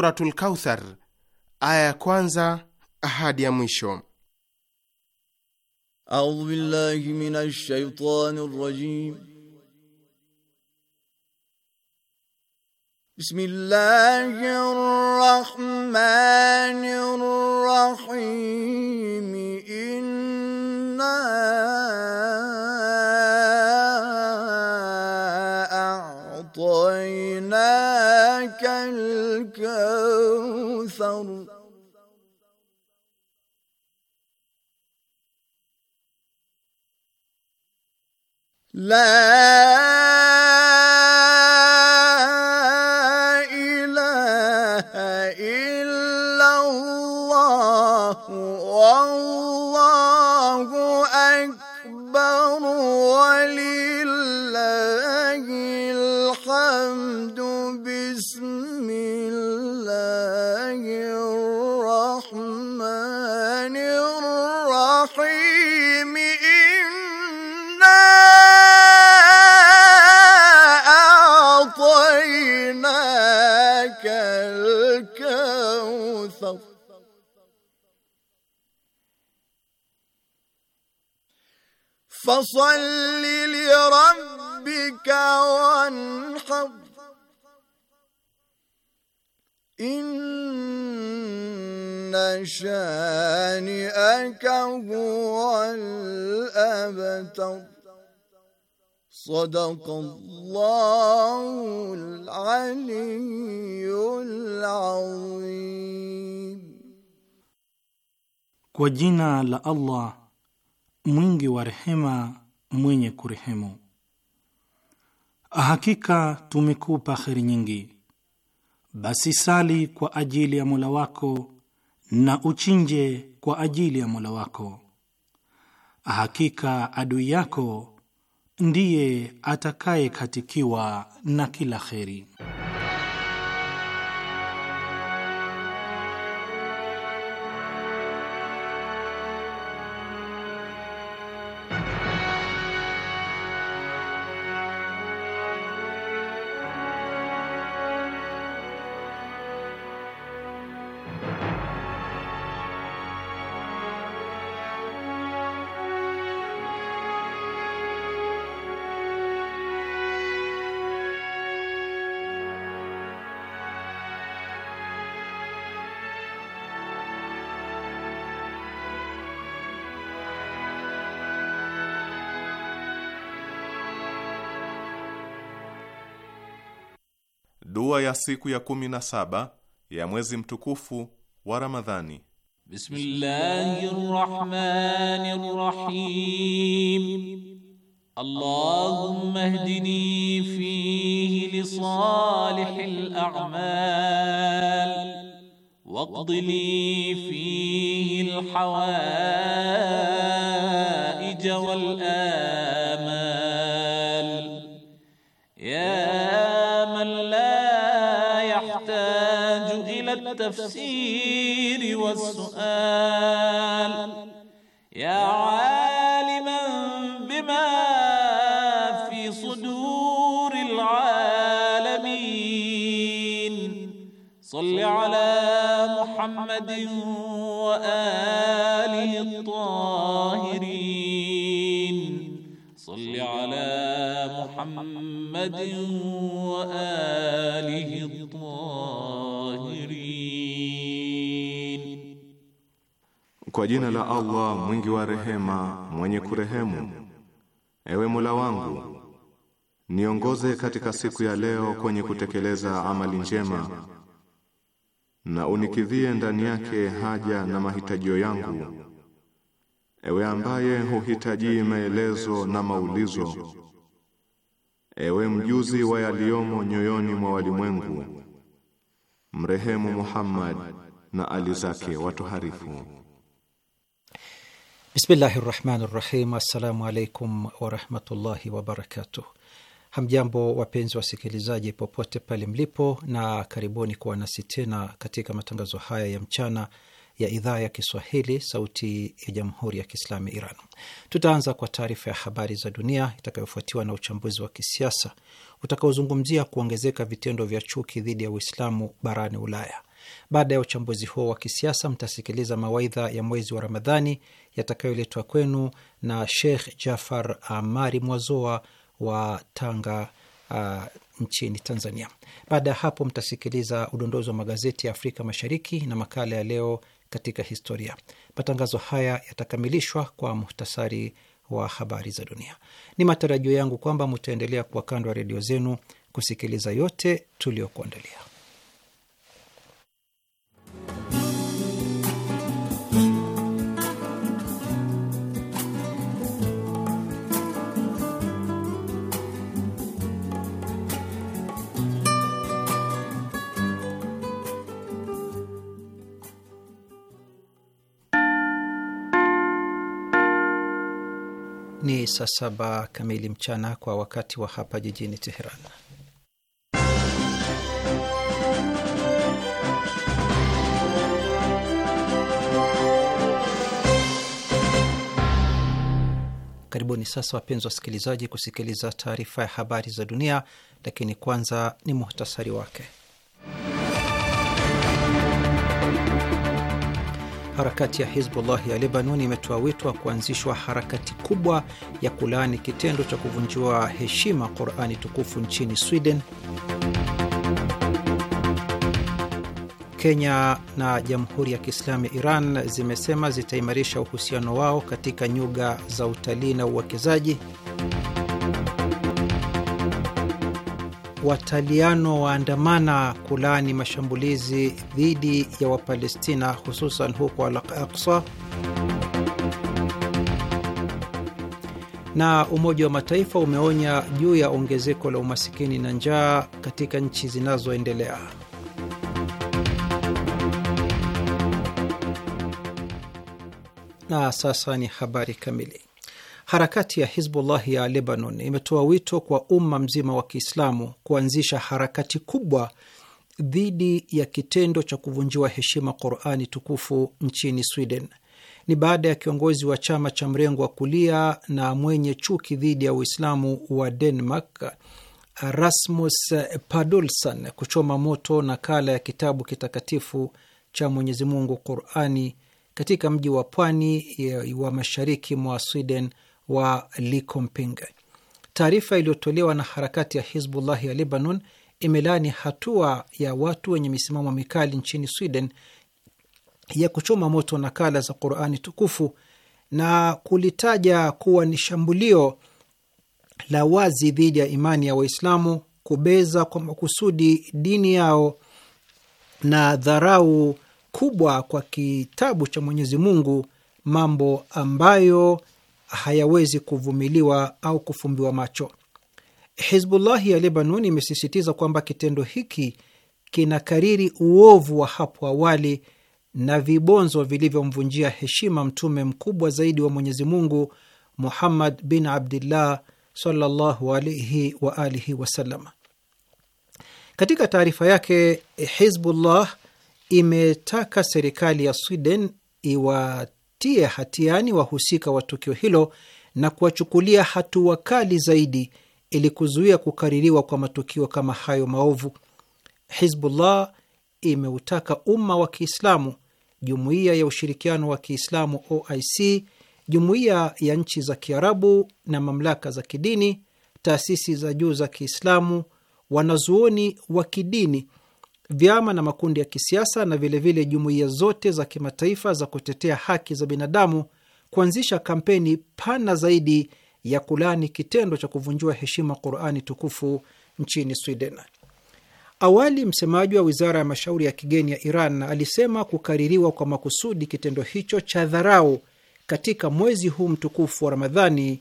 Suratul Kauthar, aya ya kwanza hadi ya mwisho. A'udhu billahi minash shaitanir rajim. Bismillahir rahmanir لا الحق إن شانئك هو الأبتر صدق الله العلي العظيم Kwa jina la Allah mwingi wa rehema mwenye kurehemu Hakika tumekupa kheri nyingi, basi sali kwa ajili ya Mola wako na uchinje kwa ajili ya Mola wako. Hakika adui yako ndiye atakayekatikiwa na kila kheri. Dua ya siku ya kumi na saba ya mwezi mtukufu wa Ramadhani. Bismillahirrahmanirrahim. Allahumma ihdini fihi li salihil a'mal waqdi li fihi al hawaij wal التفسير والسؤال يا عالما بما في صدور العالمين صل على محمد Kwa jina la Allah mwingi wa rehema, mwenye kurehemu. Ewe Mola wangu, niongoze katika siku ya leo kwenye kutekeleza amali njema na unikidhie ndani yake haja na mahitajio yangu. Ewe ambaye huhitaji maelezo na maulizo, ewe mjuzi wa yaliyomo nyoyoni mwa walimwengu, mrehemu Muhammad na ali zake watoharifu. Bismillahi rahmani rahim. Assalamu alaikum warahmatullahi wabarakatuh. Hamjambo wapenzi wasikilizaji, popote pale mlipo, na karibuni kuwa nasi tena katika matangazo haya ya mchana ya idhaa ya Kiswahili sauti ya jamhuri ya Kiislamu ya Iran. Tutaanza kwa taarifa ya habari za dunia itakayofuatiwa na uchambuzi wa kisiasa utakaozungumzia kuongezeka vitendo vya chuki dhidi ya Uislamu barani Ulaya. Baada ya uchambuzi huo wa kisiasa, mtasikiliza mawaidha ya mwezi wa Ramadhani yatakayoletwa kwenu na Sheikh Jafar Amari Mwazoa wa Tanga uh, nchini Tanzania. Baada ya hapo, mtasikiliza udondozi wa magazeti ya Afrika Mashariki na makala ya leo katika historia. Matangazo haya yatakamilishwa kwa muhtasari wa habari za dunia. Ni matarajio yangu kwamba mutaendelea kuwa kando ya redio zenu kusikiliza yote tuliyokuandalia. Ni saa saba kamili mchana kwa wakati wa hapa jijini Teheran. Karibuni sasa wapenzi wasikilizaji, kusikiliza taarifa ya habari za dunia, lakini kwanza ni muhtasari wake. Harakati ya Hizbullah ya Lebanon imetoa wito wa kuanzishwa harakati kubwa ya kulaani kitendo cha kuvunjiwa heshima Qurani tukufu nchini Sweden. Kenya na Jamhuri ya Kiislamu ya Iran zimesema zitaimarisha uhusiano wao katika nyuga za utalii na uwekezaji. Wataliano waandamana kulaani mashambulizi dhidi ya Wapalestina hususan huko Al-Aqsa. Na Umoja wa Mataifa umeonya juu ya ongezeko la umasikini na njaa katika nchi zinazoendelea. Na sasa ni habari kamili. Harakati ya Hizbullah ya Lebanon imetoa wito kwa umma mzima wa Kiislamu kuanzisha harakati kubwa dhidi ya kitendo cha kuvunjiwa heshima Qurani tukufu nchini Sweden. Ni baada ya kiongozi wa chama cha mrengo wa kulia na mwenye chuki dhidi ya Uislamu wa Denmark Rasmus Padulsan kuchoma moto nakala ya kitabu kitakatifu cha Mwenyezi Mungu Qurani katika mji wa pwani wa mashariki mwa Sweden wa likomping Taarifa iliyotolewa na harakati ya Hizbullahi ya Lebanon imelaani hatua ya watu wenye misimamo mikali nchini Sweden ya kuchoma moto nakala za Qurani tukufu na kulitaja kuwa ni shambulio la wazi dhidi ya imani ya Waislamu, kubeza kwa makusudi dini yao na dharau kubwa kwa kitabu cha Mwenyezi Mungu mambo ambayo hayawezi kuvumiliwa au kufumbiwa macho. Hizbullahi ya Lebanon imesisitiza kwamba kitendo hiki kinakariri uovu wa hapo awali na vibonzo vilivyomvunjia heshima mtume mkubwa zaidi wa Mwenyezi Mungu Muhammad bin Abdillah sallallahu alaihi wa alihi wasallam. Katika taarifa yake Hizbullah imetaka serikali ya Sweden iwatie hatiani wahusika wa tukio hilo na kuwachukulia hatua kali zaidi ili kuzuia kukaririwa kwa matukio kama hayo maovu. Hizbullah imeutaka umma wa Kiislamu, jumuiya ya ushirikiano wa Kiislamu OIC, jumuiya ya nchi za Kiarabu na mamlaka za kidini, taasisi za juu za Kiislamu, wanazuoni wa kidini vyama na makundi ya kisiasa na vilevile jumuiya zote za kimataifa za kutetea haki za binadamu kuanzisha kampeni pana zaidi ya kulaani kitendo cha kuvunjiwa heshima Qurani tukufu nchini Sweden. Awali msemaji wa wizara ya mashauri ya kigeni ya Iran alisema kukaririwa kwa makusudi kitendo hicho cha dharau katika mwezi huu mtukufu wa Ramadhani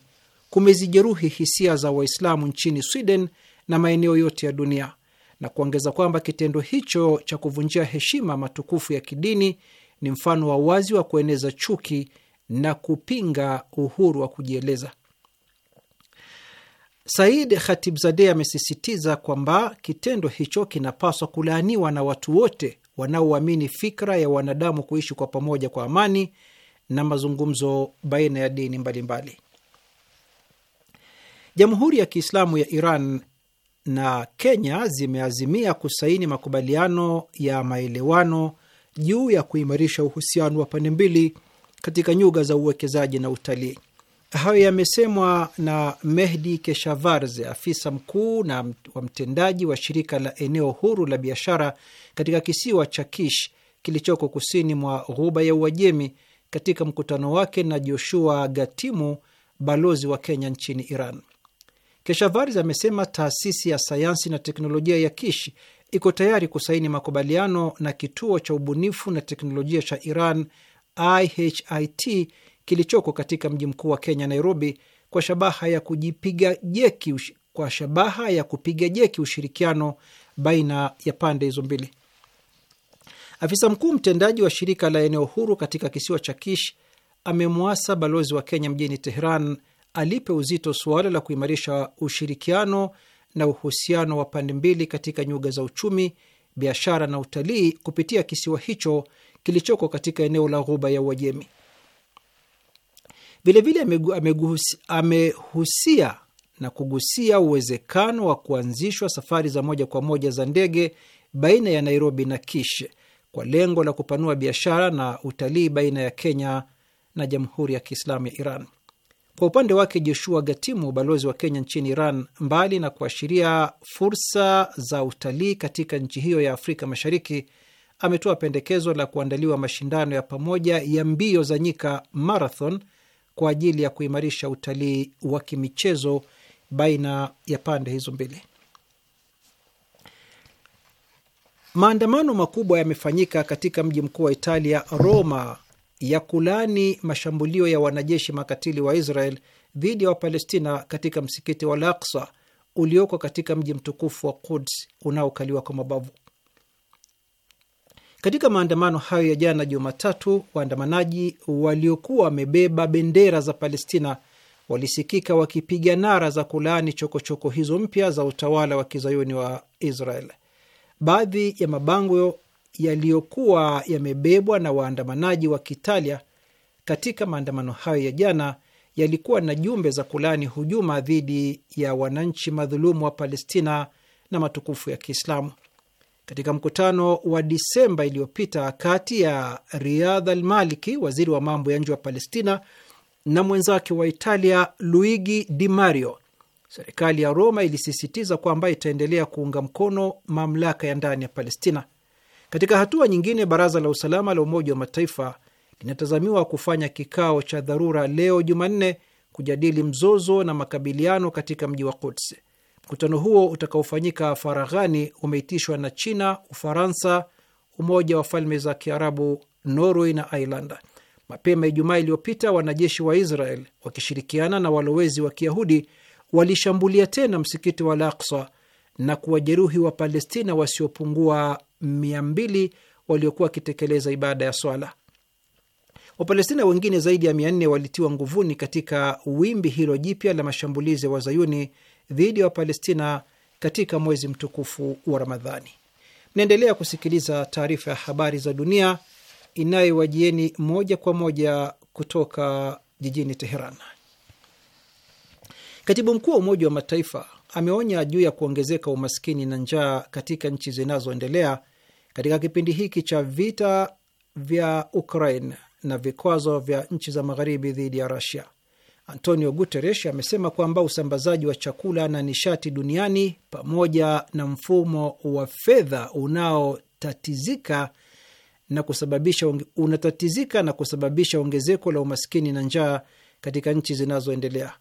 kumezijeruhi hisia za Waislamu nchini Sweden na maeneo yote ya dunia na kuongeza kwamba kitendo hicho cha kuvunjia heshima matukufu ya kidini ni mfano wa wazi wa kueneza chuki na kupinga uhuru wa kujieleza. Said Khatibzadeh amesisitiza kwamba kitendo hicho kinapaswa kulaaniwa na watu wote wanaoamini fikra ya wanadamu kuishi kwa pamoja kwa amani na mazungumzo baina ya dini mbalimbali. Jamhuri ya Kiislamu ya Iran na Kenya zimeazimia kusaini makubaliano ya maelewano juu ya kuimarisha uhusiano wa pande mbili katika nyuga za uwekezaji na utalii. Hayo yamesemwa na Mehdi Keshavarze, afisa mkuu na wa mtendaji wa shirika la eneo huru la biashara katika kisiwa cha Kish kilichoko kusini mwa ghuba ya Uajemi, katika mkutano wake na Joshua Gatimu, balozi wa Kenya nchini Iran. Keshavaris amesema taasisi ya sayansi na teknolojia ya Kish iko tayari kusaini makubaliano na kituo cha ubunifu na teknolojia cha Iran IHIT kilichoko katika mji mkuu wa Kenya, Nairobi, kwa shabaha ya kujipiga jeki kwa shabaha ya kupiga jeki ushirikiano baina ya pande hizo mbili. Afisa mkuu mtendaji wa shirika la eneo huru katika kisiwa cha Kish amemwasa balozi wa Kenya mjini teheran alipe uzito suala la kuimarisha ushirikiano na uhusiano wa pande mbili katika nyuga za uchumi, biashara na utalii kupitia kisiwa hicho kilichoko katika eneo la ghuba ya Uajemi. Vilevile amehusia na kugusia uwezekano wa kuanzishwa safari za moja kwa moja za ndege baina ya Nairobi na Kish kwa lengo la kupanua biashara na utalii baina ya Kenya na Jamhuri ya Kiislamu ya Iran. Kwa upande wake, Joshua Gatimu, balozi wa Kenya nchini Iran, mbali na kuashiria fursa za utalii katika nchi hiyo ya Afrika Mashariki, ametoa pendekezo la kuandaliwa mashindano ya pamoja ya mbio za nyika marathon kwa ajili ya kuimarisha utalii wa kimichezo baina ya pande hizo mbili. Maandamano makubwa yamefanyika katika mji mkuu wa Italia, Roma, ya kulani mashambulio ya wanajeshi makatili wa Israel dhidi ya Wapalestina katika msikiti wa Al-Aqsa ulioko katika mji mtukufu wa Quds unaokaliwa kwa mabavu. Katika maandamano hayo ya jana Jumatatu, waandamanaji waliokuwa wamebeba bendera za Palestina walisikika wakipiga nara za kulaani chokochoko hizo mpya za utawala wa kizayuni wa Israel. Baadhi ya mabango yaliyokuwa yamebebwa na waandamanaji wa Kitalia katika maandamano hayo ya jana yalikuwa na jumbe za kulani hujuma dhidi ya wananchi madhulumu wa Palestina na matukufu ya Kiislamu. Katika mkutano wa Disemba iliyopita kati ya Al Almaliki, waziri wa mambo ya nje wa Palestina, na mwenzake wa Italia Luigi Di Mario, serikali ya Roma ilisisitiza kwamba itaendelea kuunga mkono mamlaka ya ndani ya Palestina. Katika hatua nyingine, baraza la usalama la Umoja wa Mataifa linatazamiwa kufanya kikao cha dharura leo Jumanne kujadili mzozo na makabiliano katika mji wa Quds. Mkutano huo utakaofanyika faraghani umeitishwa na China, Ufaransa, Umoja wa Falme za Kiarabu, Norway na Ireland. Mapema Ijumaa iliyopita wanajeshi wa Israel wakishirikiana na walowezi wa Kiyahudi walishambulia tena msikiti wa Al-Aqsa na kuwajeruhi wa Palestina wasiopungua mia mbili waliokuwa wakitekeleza ibada ya swala. Wapalestina wengine zaidi ya mia nne walitiwa nguvuni katika wimbi hilo jipya la mashambulizi ya wazayuni dhidi ya Wapalestina katika mwezi mtukufu wa Ramadhani. Mnaendelea kusikiliza taarifa ya habari za dunia inayowajieni moja kwa moja kutoka jijini Teheran. Katibu mkuu wa Umoja wa Mataifa ameonya juu ya kuongezeka umaskini na njaa katika nchi zinazoendelea katika kipindi hiki cha vita vya Ukraine na vikwazo vya nchi za magharibi dhidi ya Russia. Antonio Guterres amesema kwamba usambazaji wa chakula na nishati duniani pamoja na mfumo wa fedha unaotatizika na kusababisha unatatizika na kusababisha ongezeko la umaskini na njaa katika nchi zinazoendelea.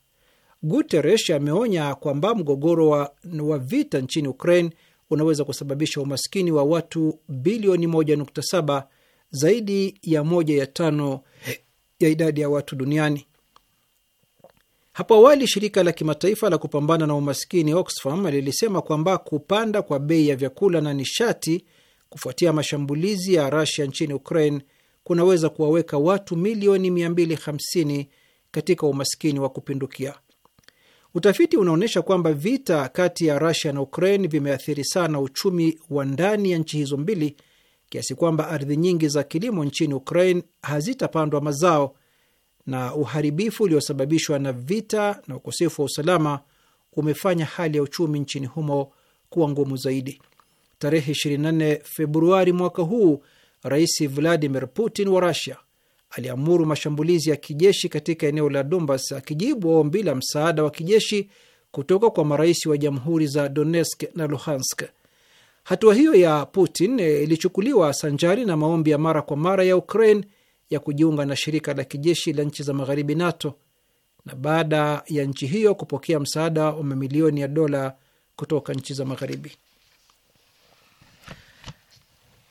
Guterres ameonya kwamba mgogoro wa, wa vita nchini Ukraine unaweza kusababisha umaskini wa watu bilioni 1.7, zaidi ya moja ya tano ya idadi ya watu duniani. Hapo awali shirika la kimataifa la kupambana na umaskini Oxfam lilisema kwamba kupanda kwa bei ya vyakula na nishati kufuatia mashambulizi ya rasia nchini Ukraine kunaweza kuwaweka watu milioni 250 katika umaskini wa kupindukia. Utafiti unaonyesha kwamba vita kati ya Rusia na Ukraine vimeathiri sana uchumi wa ndani ya nchi hizo mbili kiasi kwamba ardhi nyingi za kilimo nchini Ukraine hazitapandwa mazao na uharibifu uliosababishwa na vita na ukosefu wa usalama umefanya hali ya uchumi nchini humo kuwa ngumu zaidi. Tarehe 24 Februari mwaka huu, Rais Vladimir Putin wa Rusia aliamuru mashambulizi ya kijeshi katika eneo la Donbas akijibu ombi la msaada wa kijeshi kutoka kwa marais wa jamhuri za Donetsk na Luhansk. Hatua hiyo ya Putin eh, ilichukuliwa sanjari na maombi ya mara kwa mara ya Ukraine ya kujiunga na shirika la kijeshi la nchi za magharibi NATO, na baada ya nchi hiyo kupokea msaada wa mamilioni ya dola kutoka nchi za magharibi.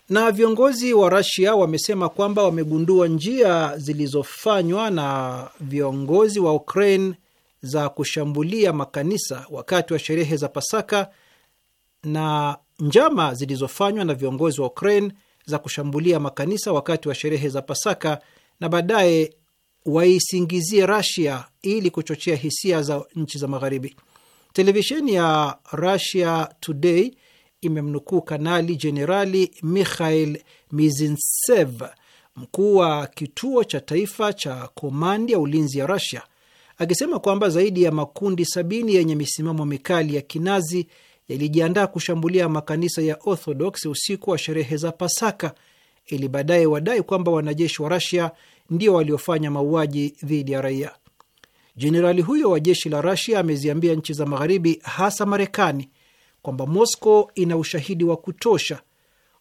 Na viongozi wa Rasia wamesema kwamba wamegundua njia zilizofanywa na viongozi wa Ukraine za kushambulia makanisa wakati wa sherehe za Pasaka na njama zilizofanywa na viongozi wa Ukraine za kushambulia makanisa wakati wa sherehe za Pasaka na baadaye waisingizie Rasia ili kuchochea hisia za nchi za Magharibi. Televisheni ya Russia Today imemnukuu Kanali Jenerali Mikhail mizinsev mkuu wa kituo cha taifa cha komandi ya ulinzi ya rasia akisema kwamba zaidi ya makundi sabini yenye misimamo mikali ya kinazi yalijiandaa kushambulia makanisa ya Orthodox usiku wa sherehe za Pasaka ili baadaye wadai kwamba wanajeshi wa Rasia ndio waliofanya mauaji dhidi ya raia. Jenerali huyo wa jeshi la Rasia ameziambia nchi za Magharibi, hasa Marekani, kwamba Moscow ina ushahidi wa kutosha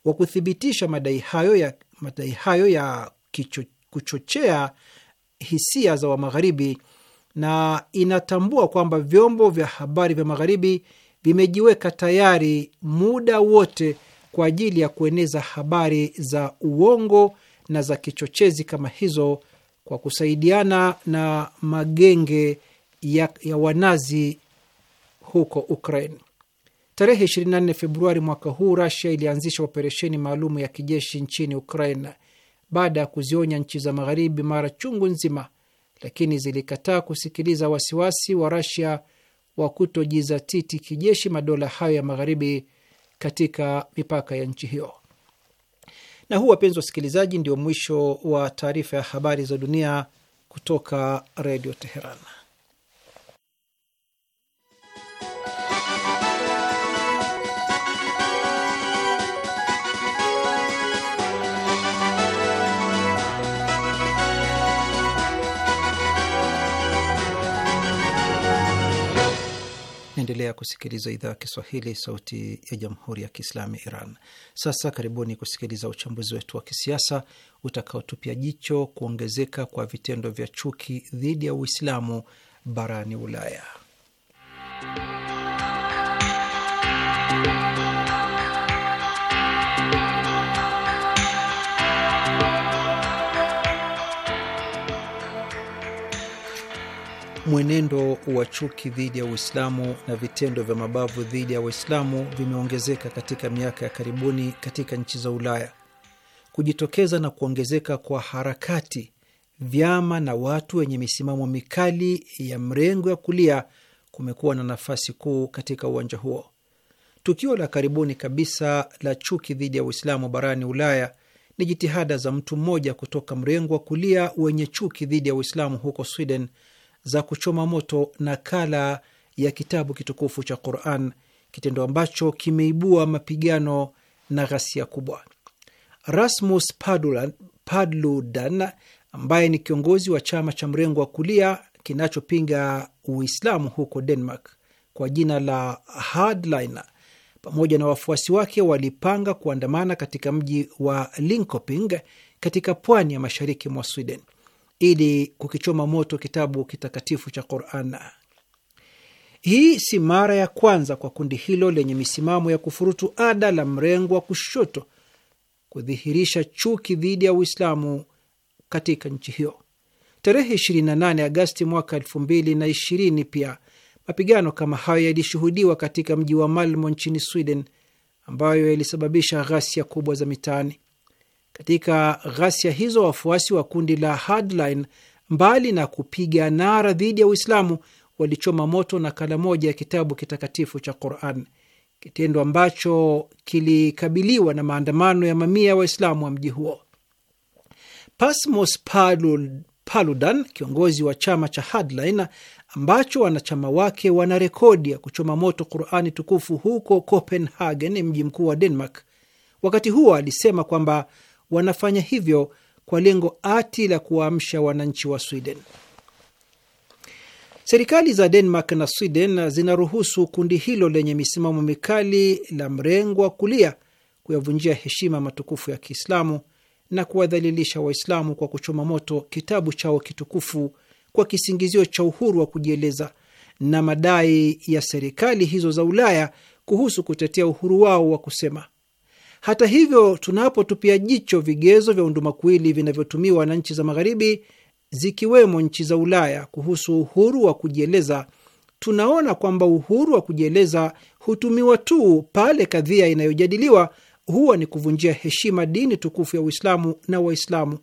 wa kuthibitisha madai hayo ya, madai hayo ya kicho, kuchochea hisia za Wamagharibi na inatambua kwamba vyombo vya habari vya Magharibi vimejiweka tayari muda wote kwa ajili ya kueneza habari za uongo na za kichochezi kama hizo kwa kusaidiana na magenge ya, ya wanazi huko Ukraine. Tarehe 24 Februari mwaka huu Rasia ilianzisha operesheni maalum ya kijeshi nchini Ukraina baada ya kuzionya nchi za magharibi mara chungu nzima, lakini zilikataa kusikiliza wasiwasi wa Rasia wa kutojizatiti kijeshi madola hayo ya magharibi katika mipaka ya nchi hiyo. Na huu, wapenzi wasikilizaji, ndio mwisho wa taarifa ya habari za dunia kutoka Redio Teheran. Naendelea kusikiliza idhaa ya Kiswahili, sauti ya jamhuri ya kiislamu ya Iran. Sasa karibuni kusikiliza uchambuzi wetu wa kisiasa utakaotupia jicho kuongezeka kwa vitendo vya chuki dhidi ya Uislamu barani Ulaya. mwenendo wa chuki dhidi ya Uislamu na vitendo vya mabavu dhidi ya Waislamu vimeongezeka katika miaka ya karibuni katika nchi za Ulaya. Kujitokeza na kuongezeka kwa harakati, vyama na watu wenye misimamo mikali ya mrengo ya kulia kumekuwa na nafasi kuu katika uwanja huo. Tukio la karibuni kabisa la chuki dhidi ya Uislamu barani Ulaya ni jitihada za mtu mmoja kutoka mrengo wa kulia wenye chuki dhidi ya Uislamu huko Sweden za kuchoma moto nakala ya kitabu kitukufu cha Quran, kitendo ambacho kimeibua mapigano na ghasia kubwa. Rasmus Paludan ambaye ni kiongozi wa chama cha mrengo wa kulia kinachopinga Uislamu huko Denmark kwa jina la Hardliner pamoja na wafuasi wake walipanga kuandamana katika mji wa Linkoping katika pwani ya mashariki mwa Sweden ili kukichoma moto kitabu kitakatifu cha Quran. Hii si mara ya kwanza kwa kundi hilo lenye misimamo ya kufurutu ada la mrengo wa kushoto kudhihirisha chuki dhidi ya Uislamu katika nchi hiyo. Tarehe 28 Agasti mwaka 2020 pia mapigano kama hayo yalishuhudiwa katika mji wa Malmo nchini Sweden, ambayo yalisababisha ghasia kubwa za mitaani. Katika ghasia hizo, wafuasi wa kundi la Hardline, mbali na kupiga nara dhidi ya Uislamu, walichoma moto nakala moja ya kitabu kitakatifu cha Quran, kitendo ambacho kilikabiliwa na maandamano ya mamia ya Waislamu wa mji huo. Pasmos Paludan, kiongozi wa chama cha Hardline ambacho wanachama wake wana rekodi ya kuchoma moto Qurani tukufu huko Copenhagen, mji mkuu wa Denmark, wakati huo alisema kwamba wanafanya hivyo kwa lengo ati la kuwaamsha wananchi wa Sweden. Serikali za Denmark na Sweden zinaruhusu kundi hilo lenye misimamo mikali la mrengo wa kulia kuyavunjia heshima matukufu ya Kiislamu na kuwadhalilisha Waislamu kwa kuchoma moto kitabu chao kitukufu kwa kisingizio cha uhuru wa kujieleza na madai ya serikali hizo za Ulaya kuhusu kutetea uhuru wao wa kusema hata hivyo, tunapotupia jicho vigezo vya undumakuwili vinavyotumiwa na nchi za Magharibi, zikiwemo nchi za Ulaya, kuhusu uhuru wa kujieleza, tunaona kwamba uhuru wa kujieleza hutumiwa tu pale kadhia inayojadiliwa huwa ni kuvunjia heshima dini tukufu ya Uislamu na Waislamu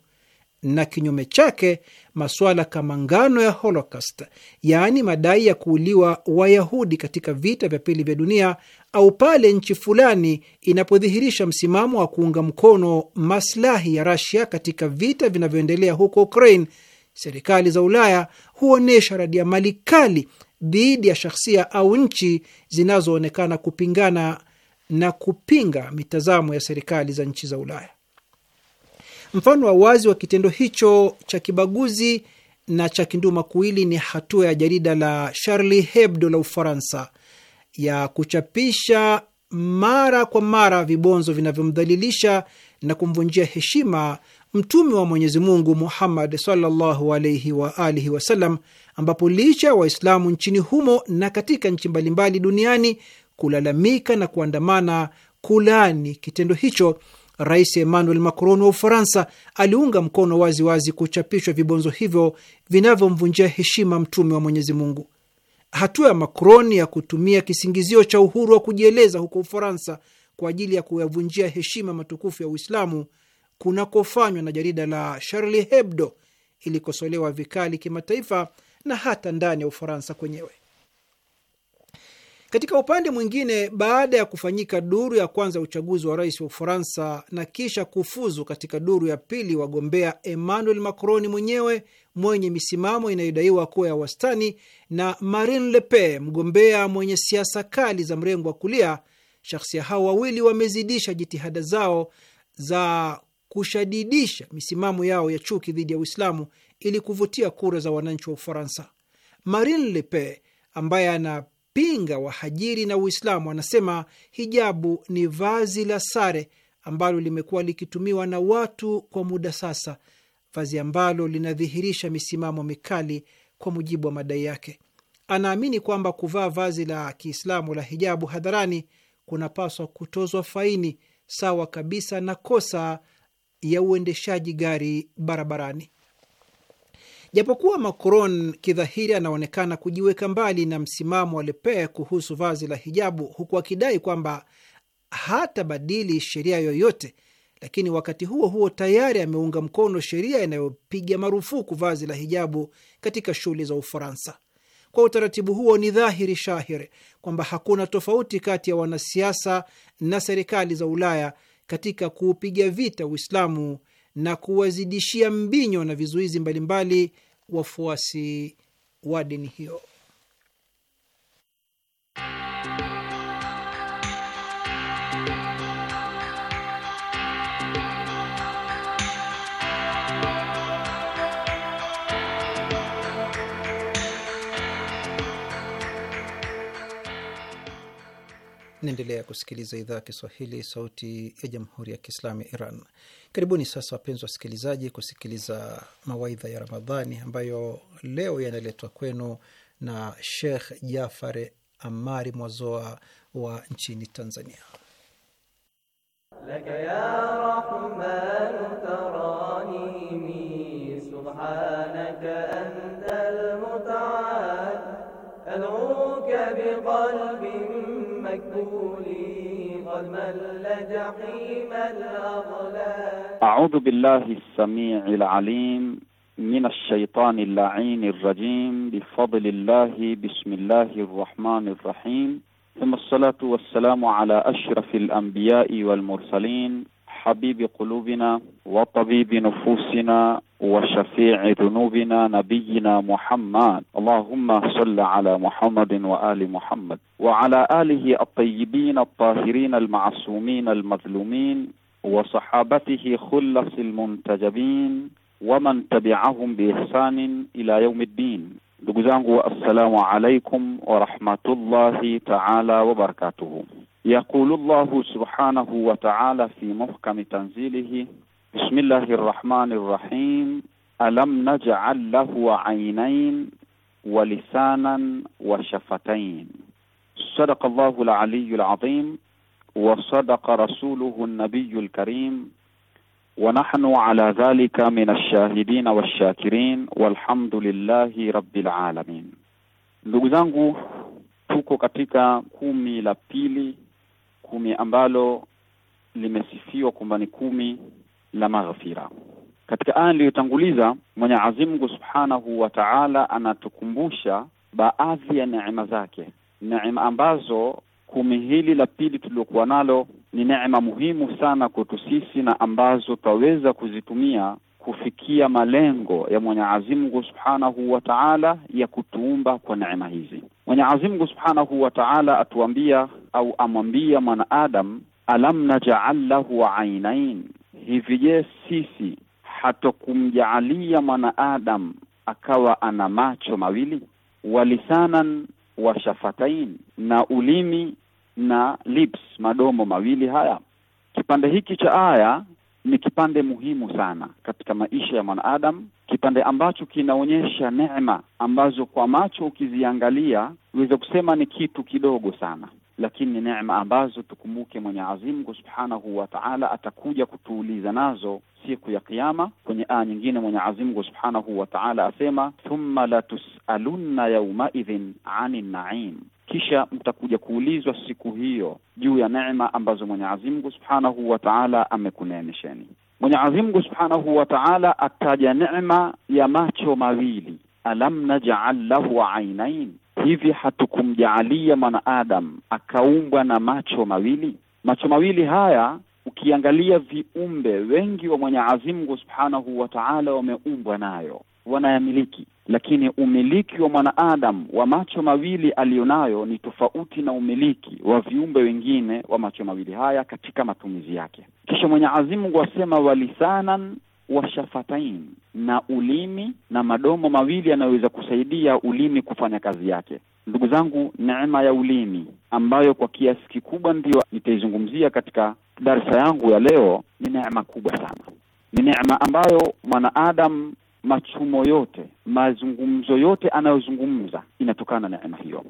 na kinyume chake masuala kama ngano ya Holocaust, yaani madai ya kuuliwa Wayahudi katika vita vya pili vya dunia, au pale nchi fulani inapodhihirisha msimamo wa kuunga mkono maslahi ya rasia katika vita vinavyoendelea huko Ukraine, serikali za Ulaya huonyesha mali kali dhidi ya shahsia au nchi zinazoonekana kupingana na kupinga mitazamo ya serikali za nchi za Ulaya. Mfano wa wazi wa kitendo hicho cha kibaguzi na cha kuwili ni hatua ya jarida la Charlie Hebdo la Ufaransa ya kuchapisha mara kwa mara vibonzo vinavyomdhalilisha na kumvunjia heshima Mtume wa Mwenyezi Mungu Muhammad sallallahu alaihi wa alihi wasallam, ambapo licha ya Waislamu nchini humo na katika nchi mbalimbali duniani kulalamika na kuandamana kulani kitendo hicho Rais Emmanuel Macron wa Ufaransa aliunga mkono waziwazi wazi kuchapishwa vibonzo hivyo vinavyomvunjia heshima mtume wa Mwenyezi Mungu. Hatua ya Macron ya kutumia kisingizio cha uhuru wa kujieleza huko Ufaransa kwa ajili ya kuyavunjia heshima matukufu ya Uislamu kunakofanywa na jarida la Charlie Hebdo ilikosolewa vikali kimataifa na hata ndani ya Ufaransa kwenyewe. Katika upande mwingine, baada ya kufanyika duru ya kwanza ya uchaguzi wa rais wa Ufaransa na kisha kufuzu katika duru ya pili wagombea Emmanuel Macron mwenyewe mwenye misimamo inayodaiwa kuwa ya wastani na Marine Le Pen mgombea mwenye siasa kali za mrengo wa kulia, shahsia hao wawili wamezidisha jitihada zao za kushadidisha misimamo yao ya chuki dhidi ya Uislamu ili kuvutia kura za wananchi wa Ufaransa. Marine Le Pen ambaye ana wanaopinga wahajiri na Uislamu anasema hijabu ni vazi la sare ambalo limekuwa likitumiwa na watu kwa muda sasa, vazi ambalo linadhihirisha misimamo mikali kwa mujibu wa madai yake. Anaamini kwamba kuvaa vazi la Kiislamu la hijabu hadharani kunapaswa kutozwa faini sawa kabisa na kosa ya uendeshaji gari barabarani. Japokuwa Macron kidhahiri anaonekana kujiweka mbali na msimamo wa Lepe kuhusu vazi la hijabu, huku akidai kwamba hatabadili sheria yoyote, lakini wakati huo huo tayari ameunga mkono sheria inayopiga marufuku vazi la hijabu katika shule za Ufaransa. Kwa utaratibu huo, ni dhahiri shahiri kwamba hakuna tofauti kati ya wanasiasa na serikali za Ulaya katika kuupiga vita Uislamu na kuwazidishia mbinyo na vizuizi mbalimbali wafuasi wa dini hiyo. Naendelea kusikiliza idhaa ya Kiswahili, sauti ya jamhuri ya kiislamu ya Iran. Karibuni sasa, wapenzi wasikilizaji, kusikiliza mawaidha ya Ramadhani ambayo leo yanaletwa kwenu na shekh Jafar Amari Mwazoa wa nchini Tanzania. Laka ya Rahmanu taranimi, subhanaka biqalbi أعوذ بالله السميع العليم من الشيطان اللعين الرجيم بفضل الله بسم الله الرحمن الرحيم ثم الصلاة والسلام على أشرف الأنبياء والمرسلين حبيب قلوبنا وطبيب نفوسنا وشفيع ذنوبنا نبينا محمد اللهم صل على محمد وآل محمد وعلى آله الطيبين الطاهرين المعصومين المظلومين وصحابته خلص المنتجبين ومن تبعهم بإحسان إلى يوم الدين ndugu السلام عليكم ورحمة الله تعالى وبركاته يقول الله سبحانه وتعالى في محكم تنزيله Bismillahi rahmani rahim. Alam naj'al lahu aynayn wa lisanan wa shafatayn. Sadaqa Allahu al-aliyyu al-azim wa sadaqa rasuluhu an-nabiyyu al-karim wa nahnu ala dhalika min Ndugu zangu, tuko katika kumi la pili, kumi ambalo limesifiwa kwamba ni kumi la maghfira. Katika aya iliyotanguliza Mwenyezi Mungu Subhanahu wa Ta'ala anatukumbusha baadhi ya neema zake, neema ambazo kumi hili la pili tuliokuwa nalo ni neema muhimu sana kwetu sisi na ambazo twaweza kuzitumia kufikia malengo ya Mwenyezi Mungu Subhanahu wa Ta'ala ya kutuumba kwa neema hizi. Mwenyezi Mungu Subhanahu wa Ta'ala atuambia au amwambia mwanaadam alam naj'al lahu ainain Hivi je, sisi hatokumjaalia mwanaadam akawa ana macho mawili walisanan wa shafatain, na ulimi na lips, madomo mawili haya. Kipande hiki cha aya ni kipande muhimu sana katika maisha ya mwanaadam kipande ambacho kinaonyesha neema ambazo kwa macho ukiziangalia uweza kusema ni kitu kidogo sana, lakini ni neema ambazo tukumbuke Mwenyezi Mungu Subhanahu wa Ta'ala atakuja kutuuliza nazo siku ya Kiama. Kwenye aya nyingine Mwenyezi Mungu Subhanahu wa Ta'ala asema thumma latusalunna yaumaidhin ani naim, kisha mtakuja kuulizwa siku hiyo juu ya neema ambazo Mwenyezi Mungu Subhanahu wa Ta'ala amekuneemesheni. Mwenyezi Mungu Subhanahu wa Ta'ala ataja neema ya macho mawili, alam naj'al lahu ainain hivi hatukumjaalia mwanaadam akaumbwa na macho mawili? Macho mawili haya ukiangalia viumbe wengi wa Mwenyezi Mungu Subhanahu wa Ta'ala wameumbwa nayo, wanayamiliki. Lakini umiliki wa mwanaadam wa macho mawili aliyonayo ni tofauti na umiliki wa viumbe wengine wa macho mawili haya katika matumizi yake. Kisha Mwenyezi Mungu asema walisanan wa shafatain, na ulimi na madomo mawili yanayoweza kusaidia ulimi kufanya kazi yake. Ndugu zangu, neema ya ulimi ambayo kwa kiasi kikubwa ndiyo nitaizungumzia katika darsa yangu ya leo ni neema kubwa sana, ni neema ambayo mwanaadamu machumo yote mazungumzo yote anayozungumza inatokana na neema hiyo,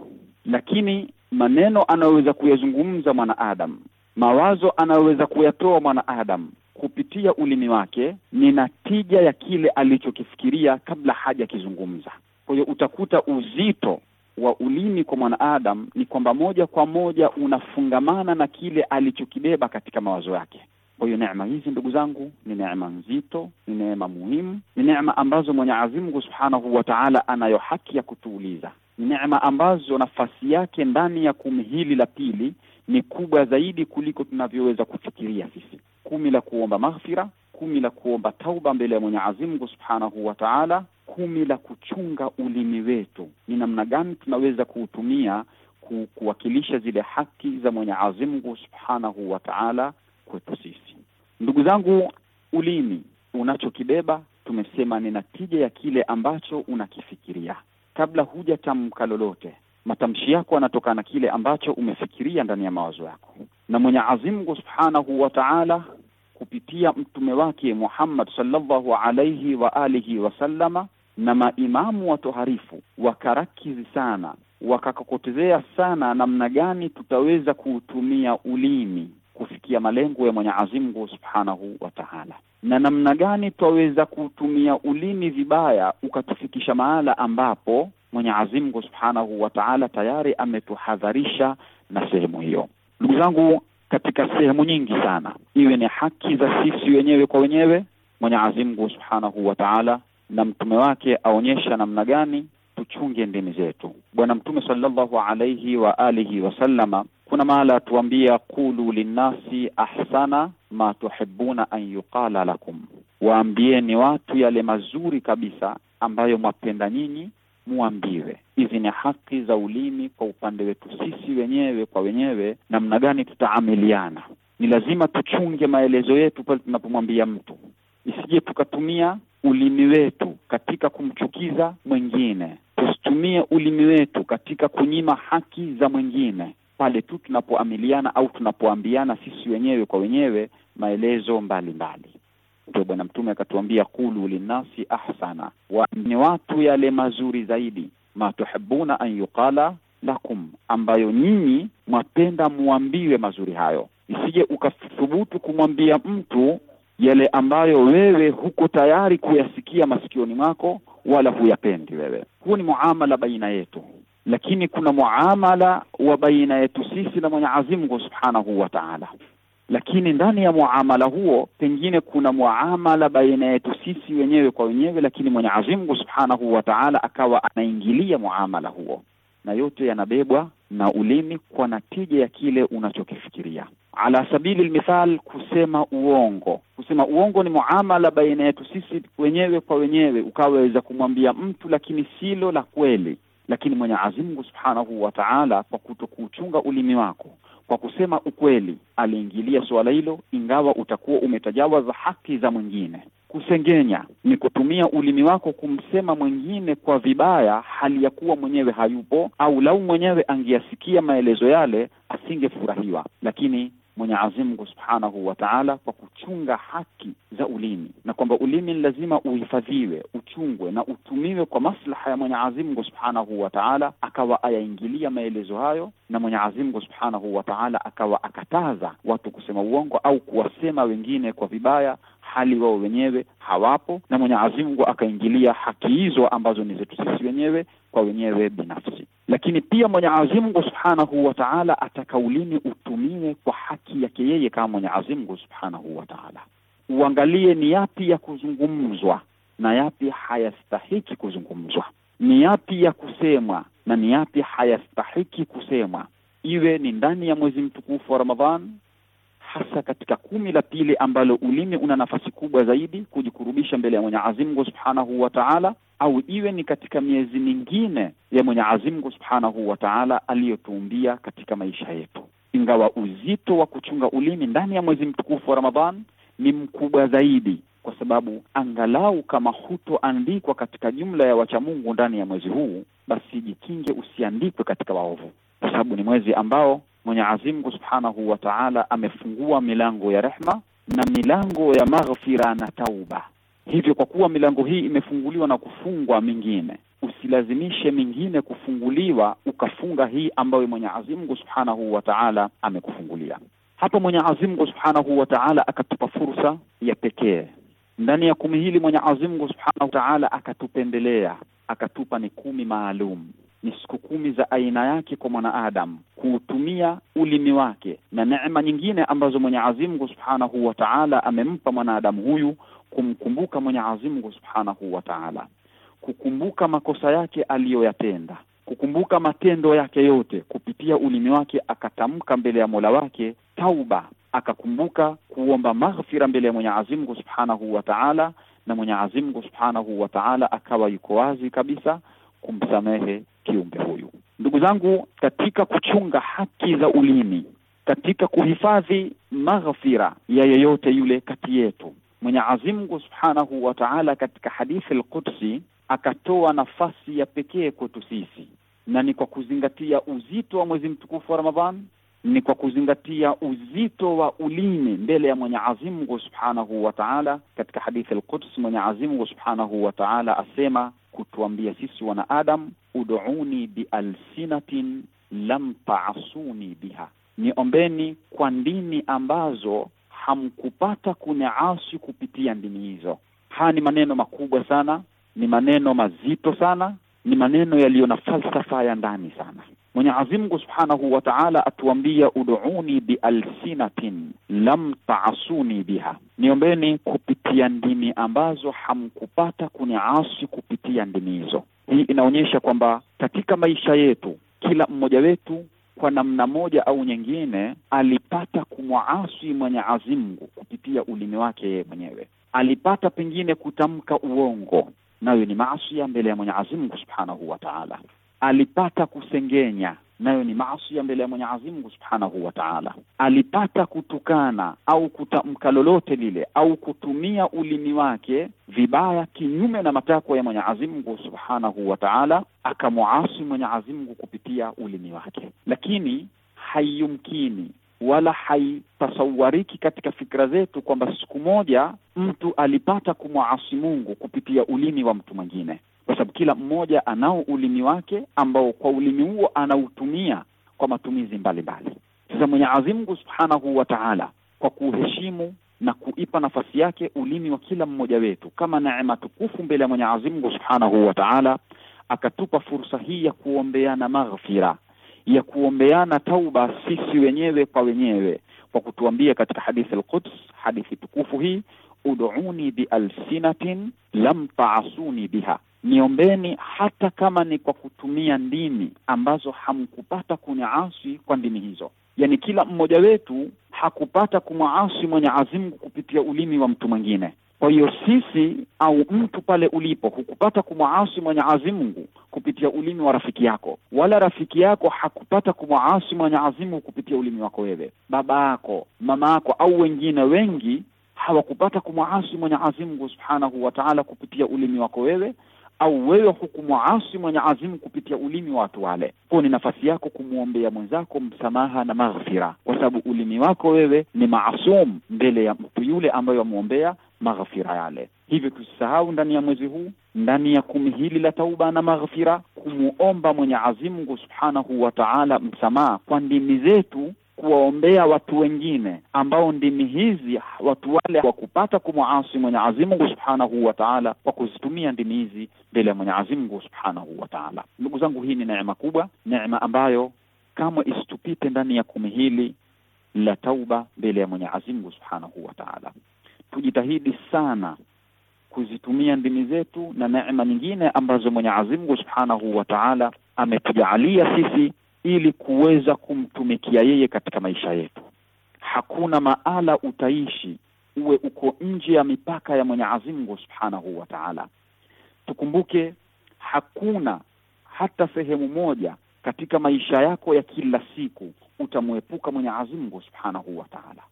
lakini maneno anayoweza kuyazungumza mwanaadamu, mawazo anayoweza kuyatoa mwanaadamu, kupitia ulimi wake ni natija ya kile alichokifikiria kabla hajakizungumza. Kwa hiyo utakuta uzito wa ulimi kwa mwanaadam ni kwamba moja kwa moja unafungamana na kile alichokibeba katika mawazo yake. Kwa hiyo neema hizi ndugu zangu, ni neema nzito, ni neema muhimu, ni neema ambazo Mwenyezi Mungu Subhanahu wa Ta'ala anayo haki ya kutuuliza, ni neema ambazo nafasi yake ndani ya kumi hili la pili ni kubwa zaidi kuliko tunavyoweza kufikiria sisi. Kumi la kuomba maghfira, kumi la kuomba tauba mbele ya Mwenyezi Mungu Subhanahu wa Ta'ala, kumi la kuchunga ulimi wetu, ni namna gani tunaweza kuutumia ku, kuwakilisha zile haki za Mwenyezi Mungu Subhanahu wa Ta'ala kwetu sisi. Ndugu zangu, ulimi unachokibeba tumesema ni natija ya kile ambacho unakifikiria kabla hujatamka lolote matamshi yako yanatokana kile ambacho umefikiria ndani ya mawazo yako. Na Mwenyezi Mungu Subhanahu wa Ta'ala kupitia mtume wake Muhammad sallallahu alayhi wa alihi wasallama na maimamu watoharifu wakarakizi sana, wakakokotezea sana namna gani tutaweza kuutumia ulimi kufikia malengo ya Mwenyezi Mungu Subhanahu wa Ta'ala, na namna gani twaweza kuutumia ulimi vibaya ukatufikisha mahala ambapo Mwenyezi Mungu Subhanahu wa Ta'ala tayari ametuhadharisha na sehemu hiyo. Ndugu zangu, katika sehemu nyingi sana, iwe ni haki za sisi wenyewe kwa wenyewe, Mwenyezi Mungu Subhanahu wa Ta'ala na mtume wake aonyesha namna gani tuchunge ndimi zetu. Bwana Mtume sallallahu alayhi wa alihi wasallama, kuna mahala tuambia, qulu linnasi ahsana ma tuhibbuna an yuqala lakum, waambieni watu yale mazuri kabisa ambayo mwapenda nyinyi muambiwe. Hizi ni haki za ulimi kwa upande wetu sisi wenyewe kwa wenyewe, namna gani tutaamiliana. Ni lazima tuchunge maelezo yetu pale tunapomwambia mtu, isije tukatumia ulimi wetu katika kumchukiza mwingine, tusitumie ulimi wetu katika kunyima haki za mwingine, pale tu tunapoamiliana au tunapoambiana sisi wenyewe kwa wenyewe maelezo mbalimbali mbali. Ndio Bwana Mtume akatuambia, qulu linnasi ahsana, ni watu yale mazuri zaidi, ma tuhibuna an yuqala lakum, ambayo nyinyi mwapenda muambiwe mazuri hayo. Isije ukathubutu kumwambia mtu yale ambayo wewe huko tayari kuyasikia masikioni mwako wala huyapendi wewe. Huu ni muamala baina yetu, lakini kuna muamala wa baina yetu sisi na Mwenyezi Mungu Subhanahu wa Ta'ala lakini ndani ya muamala huo pengine kuna muamala baina yetu sisi wenyewe kwa wenyewe, lakini Mwenyezi Mungu Subhanahu wa Ta'ala akawa anaingilia muamala huo, na yote yanabebwa na ulimi kwa natija ya kile unachokifikiria. Ala sabili lmithal, kusema uongo. Kusema uongo ni muamala baina yetu sisi wenyewe kwa wenyewe, ukaweza kumwambia mtu lakini silo la kweli, lakini Mwenyezi Mungu Subhanahu wa Ta'ala kwa kuuchunga ulimi wako kwa kusema ukweli, aliingilia suala hilo, ingawa utakuwa umetajawaza haki za mwingine. Kusengenya ni kutumia ulimi wako kumsema mwingine kwa vibaya, hali ya kuwa mwenyewe hayupo, au lau mwenyewe angeyasikia maelezo yale asingefurahiwa, lakini Mwenyezi Mungu Subhanahu wa Ta'ala kwa kuchunga haki za ulimi, na kwamba ulimi lazima uhifadhiwe, uchungwe na utumiwe kwa maslaha ya Mwenyezi Mungu Subhanahu wa Ta'ala, akawa ayaingilia maelezo hayo, na Mwenyezi Mungu Subhanahu wa Ta'ala akawa akataza watu kusema uongo au kuwasema wengine kwa vibaya hali wao wenyewe hawapo, na Mwenyezi Mungu akaingilia haki hizo ambazo ni zetu sisi wenyewe kwa wenyewe binafsi. Lakini pia Mwenyezi Mungu Subhanahu wa Ta'ala atakaulini utumie kwa haki yake yeye kama Mwenyezi Mungu Subhanahu wa Ta'ala, uangalie ni yapi ya kuzungumzwa na yapi hayastahiki kuzungumzwa, ni yapi ya kusemwa na ni yapi hayastahiki kusemwa, iwe ni ndani ya mwezi mtukufu wa Ramadhan hasa katika kumi la pili ambalo ulimi una nafasi kubwa zaidi kujikurubisha mbele ya Mwenyezi Mungu Subhanahu wa Ta'ala, au iwe ni katika miezi mingine ya Mwenyezi Mungu Subhanahu wa Ta'ala aliyotuumbia katika maisha yetu. Ingawa uzito wa kuchunga ulimi ndani ya mwezi mtukufu wa Ramadhan ni mkubwa zaidi, kwa sababu angalau kama hutoandikwa katika jumla ya wachamungu ndani ya mwezi huu, basi jikinge usiandikwe katika waovu, kwa sababu ni mwezi ambao Mwenyezi Mungu Subhanahu wa Ta'ala amefungua milango ya rehma na milango ya maghfira na tauba. Hivyo kwa kuwa milango hii imefunguliwa na kufungwa mingine, usilazimishe mingine kufunguliwa ukafunga hii ambayo Mwenyezi Mungu Subhanahu wa Ta'ala amekufungulia. Hapa Mwenyezi Mungu Subhanahu wa Ta'ala akatupa fursa ya pekee ndani ya kumi hili. Mwenyezi Mungu Subhanahu wa Ta'ala akatupendelea, akatupa ni kumi maalum ni siku kumi za aina yake kwa mwanaadamu kuutumia ulimi wake na necma nyingine ambazo Mwenyezi Mungu Subhanahu wa Ta'ala amempa mwanaadamu huyu, kumkumbuka Mwenyezi Mungu Subhanahu wa Ta'ala, kukumbuka makosa yake aliyoyatenda, kukumbuka matendo yake yote kupitia ulimi wake, akatamka mbele ya Mola wake tauba, akakumbuka kuomba maghfira mbele ya Mwenyezi Mungu Subhanahu wa Ta'ala, na Mwenyezi Mungu Subhanahu wa Ta'ala akawa yuko wazi kabisa kumsamehe kiumbe huyu. Ndugu zangu, katika kuchunga haki za ulimi, katika kuhifadhi maghfira ya yeyote yule kati yetu, Mwenyezi Mungu Subhanahu wa Ta'ala katika hadithi al-Qudsi akatoa nafasi ya pekee kwetu sisi, na ni kwa kuzingatia uzito wa mwezi mtukufu wa Ramadhani ni kwa kuzingatia uzito wa ulimi mbele ya Mwenyezi Mungu Subhanahu wa Ta'ala. Katika hadithi Alqudsi, mwenye Mwenyezi Mungu Subhanahu wa Ta'ala asema kutuambia sisi wanaadamu, ud'uni bialsinatin lam ta'asuni biha, niombeni kwa ndini ambazo hamkupata kuniasi kupitia ndini hizo. Haya ni maneno makubwa sana, ni maneno mazito sana, ni maneno yaliyo na falsafa ya ndani sana. Mwenyezi Mungu Subhanahu wa Ta'ala atuambia, ud'uni bialsinatin lam ta'asuni biha, niombeni kupitia ndimi ambazo hamkupata kuniasi kupitia ndimi hizo. Hii inaonyesha kwamba katika maisha yetu kila mmoja wetu kwa namna moja au nyingine alipata kumwasi Mwenyezi Mungu kupitia ulimi wake yeye mwenyewe, alipata pengine kutamka uongo, nayo ni maasi mbele ya Mwenyezi Mungu Subhanahu wa Ta'ala alipata kusengenya nayo ni maasi ya mbele ya Mwenyezi Mungu Subhanahu wa Ta'ala. Alipata kutukana au kutamka lolote lile au kutumia ulimi wake vibaya kinyume na matakwa ya Mwenyezi Mungu Subhanahu wa Ta'ala, akamuasi Mwenyezi Mungu kupitia ulimi wake, lakini haiyumkini wala haitasawariki katika fikra zetu kwamba siku moja mtu alipata kumwaasi Mungu kupitia ulimi wa mtu mwingine kwa sababu kila mmoja anao ulimi wake ambao kwa ulimi huo anautumia kwa matumizi mbalimbali. Sasa Mwenyezi Mungu Subhanahu wa Ta'ala, kwa kuheshimu na kuipa nafasi yake ulimi wa kila mmoja wetu kama neema tukufu mbele ya Mwenyezi Mungu Subhanahu wa Ta'ala, akatupa fursa hii ya kuombeana maghfira, ya kuombeana tauba sisi wenyewe kwa wenyewe, kwa kutuambia katika hadithi al-Quds, hadithi tukufu hii, ud'uni bi alsinatin lam ta'asuni biha niombeni hata kama ni kwa kutumia ndimi ambazo hamkupata kuniasi kwa ndimi hizo. Yani kila mmoja wetu hakupata kumwaasi Mwenyezi Mungu kupitia ulimi wa mtu mwingine. Kwa hiyo sisi au mtu pale ulipo, hukupata kumwaasi Mwenyezi Mungu kupitia ulimi wa rafiki yako, wala rafiki yako hakupata kumwaasi Mwenyezi Mungu kupitia ulimi wako wewe. Baba yako, mama yako au wengine wengi hawakupata kumwaasi Mwenyezi Mungu subhanahu wataala kupitia ulimi wako wewe au wewe hukumwaasi mwenye Mungu kupitia ulimi wa watu wale. Kwao ni nafasi yako kumwombea ya mwenzako msamaha na maghfira, kwa sababu ulimi wako wewe ni maasum mbele ya mtu yule ambaye wamwombea maghfira yale. Hivyo tusisahau ndani ya mwezi huu, ndani ya kumi hili la tauba na maghfira, kumwomba mwenye Mungu subhanahu wa taala msamaha kwa ndimi zetu kuwaombea watu wengine ambao ndimi hizi watu wale wakupata kumwasi Mwenyezi Mungu Subhanahu wa Ta'ala, kwa kuzitumia ndimi hizi mbele ya Mwenyezi Mungu Subhanahu wa Ta'ala. Ndugu zangu, hii ni neema kubwa, neema ambayo kamwe isitupite ndani ya kumi hili la tauba mbele ya Mwenyezi Mungu Subhanahu wa Ta'ala. Tujitahidi sana kuzitumia ndimi zetu na neema nyingine ambazo Mwenyezi Mungu Subhanahu wa Ta'ala ametujaalia sisi ili kuweza kumtumikia yeye katika maisha yetu. Hakuna maala utaishi uwe uko nje ya mipaka ya Mwenyezi Mungu Subhanahu wa Ta'ala. Tukumbuke hakuna hata sehemu moja katika maisha yako ya kila siku utamwepuka Mwenyezi Mungu Subhanahu wa Ta'ala.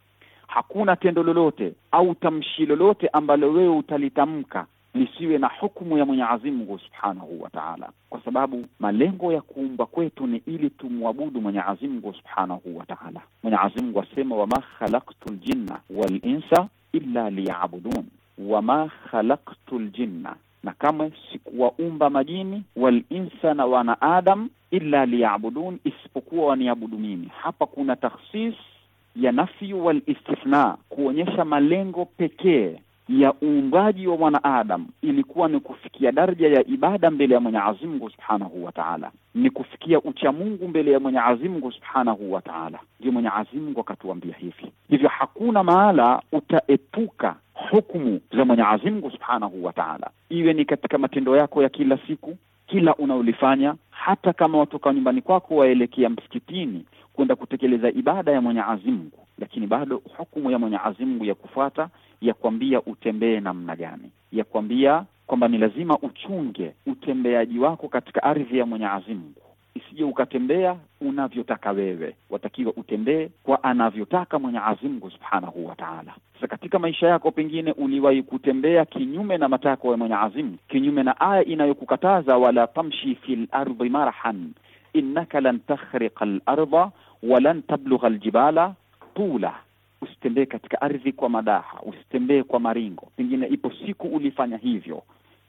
Hakuna tendo lolote au tamshi lolote ambalo wewe utalitamka lisiwe na hukumu ya Mwenyezi Mungu subhanahu wa taala, kwa sababu malengo ya kuumba kwetu ni ili tumwabudu Mwenyezi Mungu subhanahu wa taala. Mwenyezi Mungu asema, wama khalaktu ljinna walinsa illa liyabudun, wama khalaktu ljinna, na kamwe sikuwaumba majini walinsa na wana adam illa liyabudun, isipokuwa waniabudu mimi. Hapa kuna takhsis ya nafyu walistithna, kuonyesha malengo pekee ya uumbaji wa mwanaadamu ilikuwa ni kufikia daraja ya ibada mbele ya Mwenyezi Mungu Subhanahu wa Ta'ala, ni kufikia ucha Mungu mbele ya Mwenyezi Mungu Subhanahu wa Ta'ala. Ndio Mwenyezi Mungu akatuambia hivi. Hivyo hakuna mahala utaepuka hukumu za Mwenyezi Mungu Subhanahu wa Ta'ala, iwe ni katika matendo yako ya kila siku, kila unaolifanya, hata kama watoka nyumbani kwako waelekea msikitini kwenda kutekeleza ibada ya Mwenyezi Mungu lakini bado hukumu ya Mwenyezi Mungu ya kufuata, ya kwambia utembee namna gani, ya kwambia kwamba ni lazima uchunge utembeaji wako katika ardhi ya Mwenyezi Mungu, isije ukatembea unavyotaka wewe. Watakiwa utembee kwa anavyotaka Mwenyezi Mungu subhanahu wa taala. Sasa katika maisha yako pengine uliwahi kutembea kinyume na matakwa ya Mwenyezi Mungu, kinyume na aya inayokukataza wala tamshi fil ardi marahan innaka lan takhriqa al walan tablugha al jibala pula, usitembee katika ardhi kwa madaha, usitembee kwa maringo, pengine ipo siku ulifanya hivyo.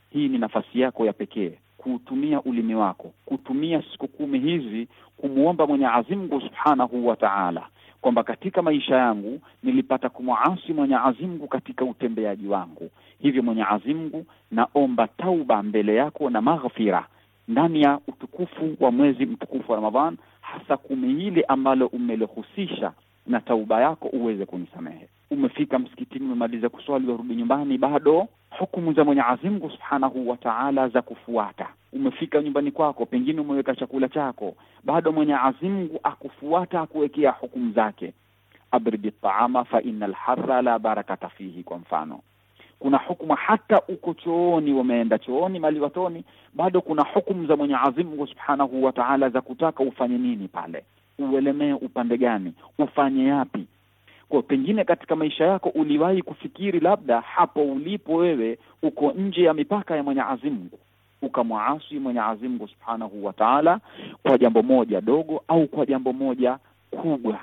Hii ni nafasi yako ya pekee kuutumia ulimi wako, kutumia siku kumi hizi kumwomba Mwenyezi Mungu subhanahu wa taala kwamba katika maisha yangu nilipata kumwasi Mwenyezi Mungu katika utembeaji wangu. Hivyo Mwenyezi Mungu, naomba tauba mbele yako na maghfira ndani ya utukufu wa mwezi mtukufu wa Ramadhan, hasa kumi hili ambalo umelohusisha na tauba yako uweze kunisamehe. Umefika msikitini, umemaliza kuswali, warudi nyumbani, bado hukumu za Mwenyezi Mungu Subhanahu wa Ta'ala za kufuata. Umefika nyumbani kwako, pengine umeweka chakula chako, bado Mwenyezi Mungu akufuata, akuwekea hukumu zake. Abridi taama fa innal harra la barakata fihi, kwa mfano kuna hukumu hata uko chooni, wameenda chooni mali watoni bado kuna hukumu za Mwenyezi Mungu Subhanahu wa Ta'ala za kutaka ufanye nini pale uelemee upande gani, ufanye yapi. Kwa pengine katika maisha yako uliwahi kufikiri labda hapo ulipo wewe uko nje ya mipaka ya Mwenyezi Mungu, ukamwaasi Mwenyezi Mungu Subhanahu wa Ta'ala kwa jambo moja dogo au kwa jambo moja kubwa.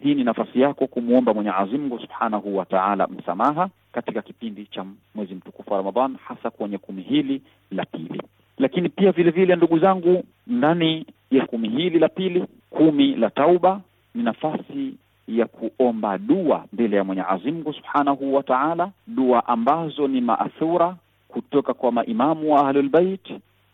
Hii ni nafasi yako kumwomba Mwenyezi Mungu Subhanahu wa Ta'ala msamaha katika kipindi cha mwezi mtukufu wa Ramadhan, hasa kwenye kumi hili la pili. Lakini pia vile vile, ndugu zangu, ndani ya kumi hili la pili kumi la tauba ni nafasi ya kuomba dua mbele ya Mwenyezi Mungu subhanahu wa taala, dua ambazo ni maathura kutoka kwa maimamu wa Ahlul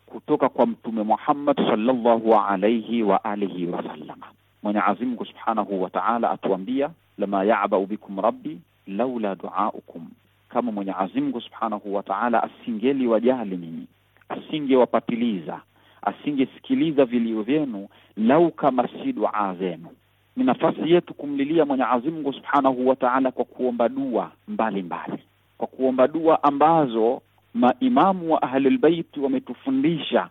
kutoka kwa Mtume Muhammad sallallahu alayhi wa alihi wasallama. Mwenyezi Mungu subhanahu wa taala atuambia, lama yabau bikum rabbi laula duaukum, kama Mwenyezi Mungu subhanahu wa taala asingeli wajali nyinyi, asingewapatiliza asingesikiliza vilio vyenu, lau kama si dua zenu. Ni nafasi yetu kumlilia Mwenyezi Mungu subhanahu wa taala kwa kuomba dua mbalimbali, kwa kuomba dua ambazo maimamu wa Ahlulbeiti wametufundisha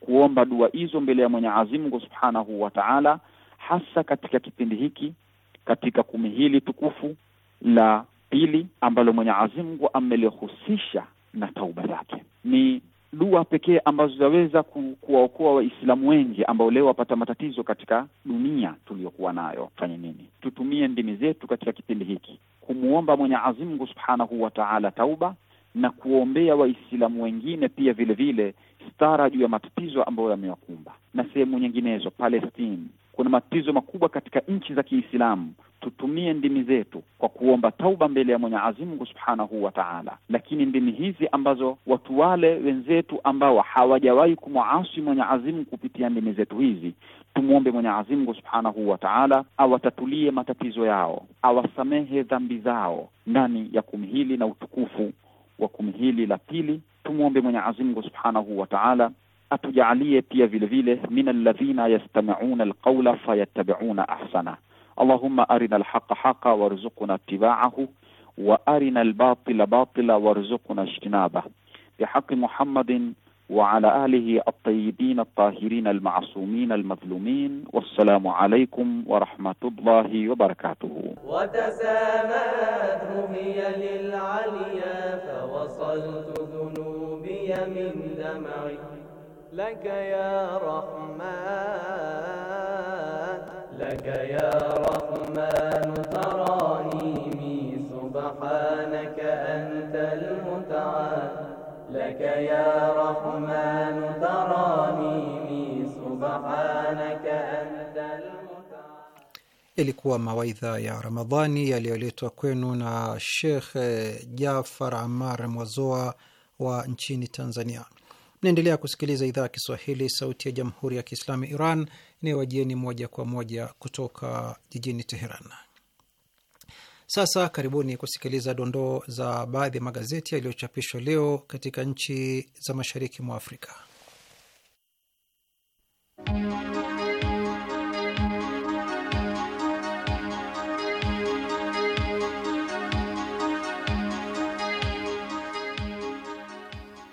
kuomba dua hizo mbele ya Mwenyezi Mungu subhanahu wa taala, hasa katika kipindi hiki, katika kumi hili tukufu la pili ambalo Mwenyezi Mungu amelihusisha na tauba zake ni dua pekee ambazo zinaweza ku, kuwaokoa Waislamu wengi ambao leo wapata matatizo katika dunia tuliyokuwa nayo. Fanye nini? Tutumie ndimi zetu katika kipindi hiki kumwomba Mwenyezi Mungu subhanahu wa taala tauba na kuombea Waislamu wengine pia vile vile stara juu ya matatizo ambayo yamewakumba na sehemu nyinginezo. Palestine kuna matatizo makubwa katika nchi za Kiislamu tutumie ndimi zetu kwa kuomba tauba mbele ya Mwenyezi Mungu subhanahu wa taala, lakini ndimi hizi ambazo watu wale wenzetu ambao hawajawahi kumwasi Mwenyezi Mungu kupitia ndimi zetu hizi, tumwombe Mwenyezi Mungu subhanahu wa taala awatatulie matatizo yao, awasamehe dhambi zao ndani ya kumi hili na utukufu wa kumi hili la pili. Tumwombe Mwenyezi Mungu subhanahu wa taala atujaalie pia vile vile min alladhina yastami'una alqawla fayattabi'una ahsana اللهم أرنا الحق حقا وارزقنا اتباعه وأرنا الباطل باطلا وارزقنا اجتنابه بحق محمد وعلى آله الطيبين الطاهرين المعصومين المظلومين والسلام عليكم ورحمة الله وبركاته وتسامات هي للعليا فوصلت ذنوبي من دمعي لك يا رحمن ربك يا رحمن ترانيمي سبحانك أنت المتعال لك يا رحمن ترانيمي سبحانك أنت المتعال Ilikuwa mawaidha ya Ramadhani yaliyoletwa kwenu na Shekh Jafar Amar Mwazoa wa nchini Tanzania. Mnaendelea kusikiliza idhaa ya Kiswahili, sauti ya jamhuri ya kiislamu Iran inayowajieni moja kwa moja kutoka jijini Teheran. Sasa karibuni kusikiliza dondoo za baadhi ya magazeti yaliyochapishwa leo katika nchi za mashariki mwa Afrika.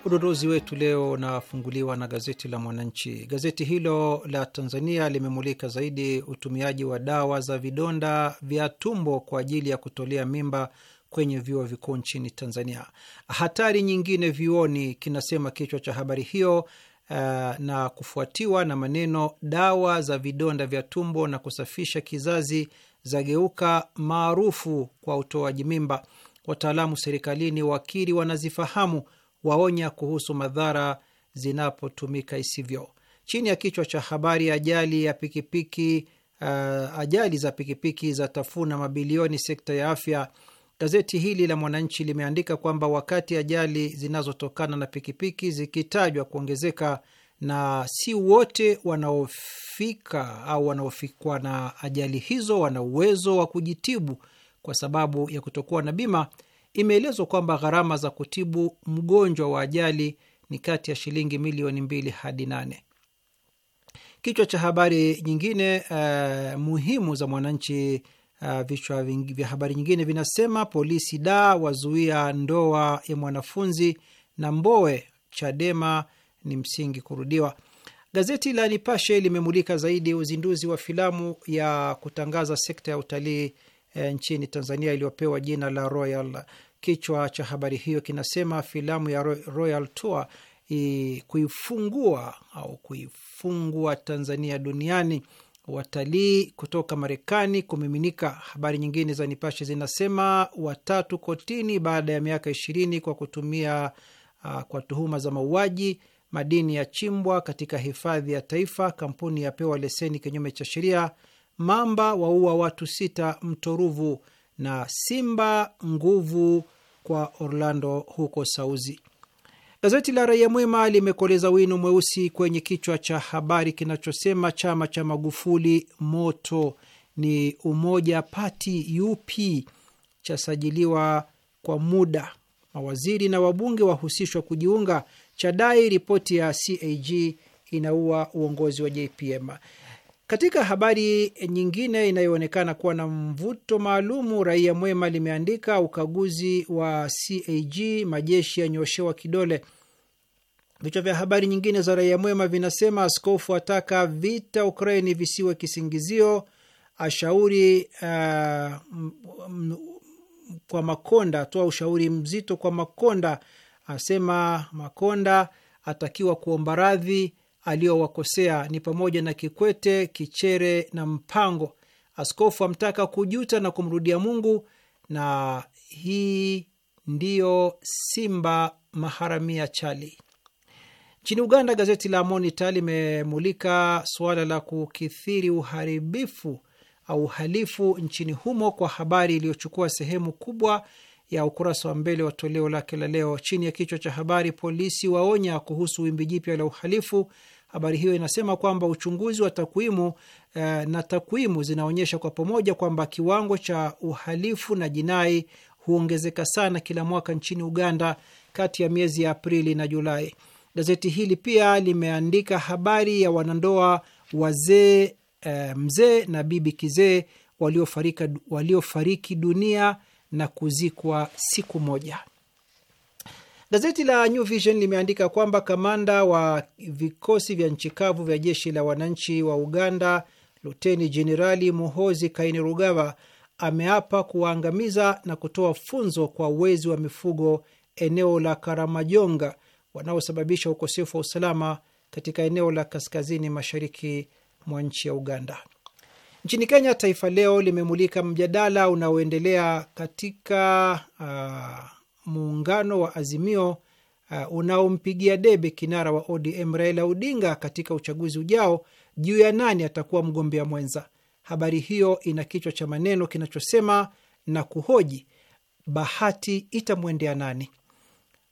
Udondozi wetu leo unafunguliwa na gazeti la Mwananchi. Gazeti hilo la Tanzania limemulika zaidi utumiaji wa dawa za vidonda vya tumbo kwa ajili ya kutolea mimba kwenye vyuo vikuu nchini Tanzania. Hatari nyingine vyuoni, kinasema kichwa cha habari hiyo, eh, na kufuatiwa na maneno dawa za vidonda vya tumbo na kusafisha kizazi zageuka maarufu kwa utoaji mimba, wataalamu serikalini wakiri wanazifahamu waonya kuhusu madhara zinapotumika isivyo. Chini ya kichwa cha habari ajali ya pikipiki, uh, ajali za pikipiki za tafuna mabilioni sekta ya afya, gazeti hili la Mwananchi limeandika kwamba wakati ajali zinazotokana na pikipiki zikitajwa kuongezeka na si wote wanaofika au wanaofikwa na ajali hizo wana uwezo wa kujitibu kwa sababu ya kutokuwa na bima, imeelezwa kwamba gharama za kutibu mgonjwa wa ajali ni kati ya shilingi milioni mbili hadi nane. Kichwa cha habari nyingine uh, muhimu za Mwananchi. Uh, vichwa vya habari nyingine vinasema: polisi da wazuia ndoa ya mwanafunzi na Mbowe, Chadema ni msingi kurudiwa. Gazeti la Nipashe limemulika zaidi uzinduzi wa filamu ya kutangaza sekta ya utalii nchini Tanzania iliyopewa jina la Royal. Kichwa cha habari hiyo kinasema filamu ya Royal Tour kuifungua au kuifungua Tanzania duniani, watalii kutoka Marekani kumiminika. Habari nyingine za Nipashe zinasema watatu kotini baada ya miaka ishirini kwa kutumia uh, kwa tuhuma za mauaji, madini ya chimbwa katika hifadhi ya taifa, kampuni yapewa leseni kinyume cha sheria mamba waua watu sita mto Ruvu, na simba nguvu kwa Orlando huko Sauzi. Gazeti la Raia Mwema limekoleza wino mweusi kwenye kichwa cha habari kinachosema chama cha Magufuli moto ni umoja pati UP chasajiliwa kwa muda, mawaziri na wabunge wahusishwa kujiunga, chadai ripoti ya CAG inaua uongozi wa JPM. Katika habari nyingine inayoonekana kuwa na mvuto maalumu, Raia Mwema limeandika ukaguzi wa CAG majeshi yanyoshewa kidole. Vichwa vya habari nyingine za Raia Mwema vinasema: askofu ataka vita Ukraini visiwe kisingizio, ashauri uh, kwa Makonda, atoa ushauri mzito kwa Makonda, asema Makonda atakiwa kuomba radhi aliyowakosea ni pamoja na Kikwete, Kichere na Mpango. Askofu amtaka kujuta na kumrudia Mungu, na hii ndiyo Simba maharamia chali. Nchini Uganda, gazeti la Monita limemulika suala la kukithiri uharibifu au uhalifu nchini humo kwa habari iliyochukua sehemu kubwa ya ukurasa wa mbele wa toleo lake la leo chini ya kichwa cha habari, polisi waonya kuhusu wimbi jipya la uhalifu. Habari hiyo inasema kwamba uchunguzi wa takwimu eh, na takwimu zinaonyesha kwa pamoja kwamba kiwango cha uhalifu na jinai huongezeka sana kila mwaka nchini Uganda kati ya miezi ya Aprili na Julai. Gazeti hili pia limeandika habari ya wanandoa wazee, eh, mzee na bibi kizee waliofariki dunia na kuzikwa siku moja. Gazeti la New Vision limeandika kwamba kamanda wa vikosi vya nchi kavu vya jeshi la wananchi wa Uganda, Luteni Jenerali Muhozi Kainerugaba ameapa kuwaangamiza na kutoa funzo kwa uwezi wa mifugo eneo la Karamajonga wanaosababisha ukosefu wa usalama katika eneo la kaskazini mashariki mwa nchi ya Uganda. Nchini Kenya, Taifa Leo limemulika mjadala unaoendelea katika uh, muungano wa Azimio uh, unaompigia debe kinara wa ODM Raila Odinga katika uchaguzi ujao juu ya nani atakuwa mgombea mwenza. Habari hiyo ina kichwa cha maneno kinachosema na kuhoji bahati itamwendea nani.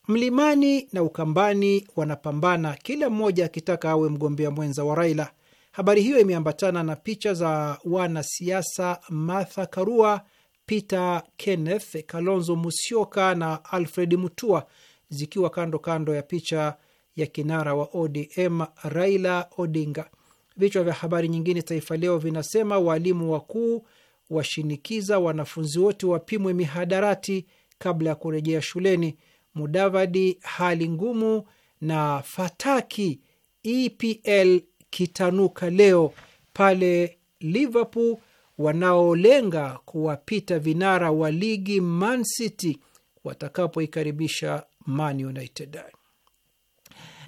Mlimani na Ukambani wanapambana, kila mmoja akitaka awe mgombea mwenza wa Raila. Habari hiyo imeambatana na picha za wanasiasa Martha Karua Peter Kenneth, Kalonzo Musyoka na Alfred Mutua, zikiwa kando kando ya picha ya kinara wa ODM Raila Odinga. Vichwa vya habari nyingine Taifa Leo vinasema waalimu wakuu washinikiza wanafunzi wote wapimwe mihadarati kabla ya kurejea shuleni. Mudavadi hali ngumu na fataki EPL kitanuka leo pale Liverpool wanaolenga kuwapita vinara wa ligi Man City watakapoikaribisha Man United.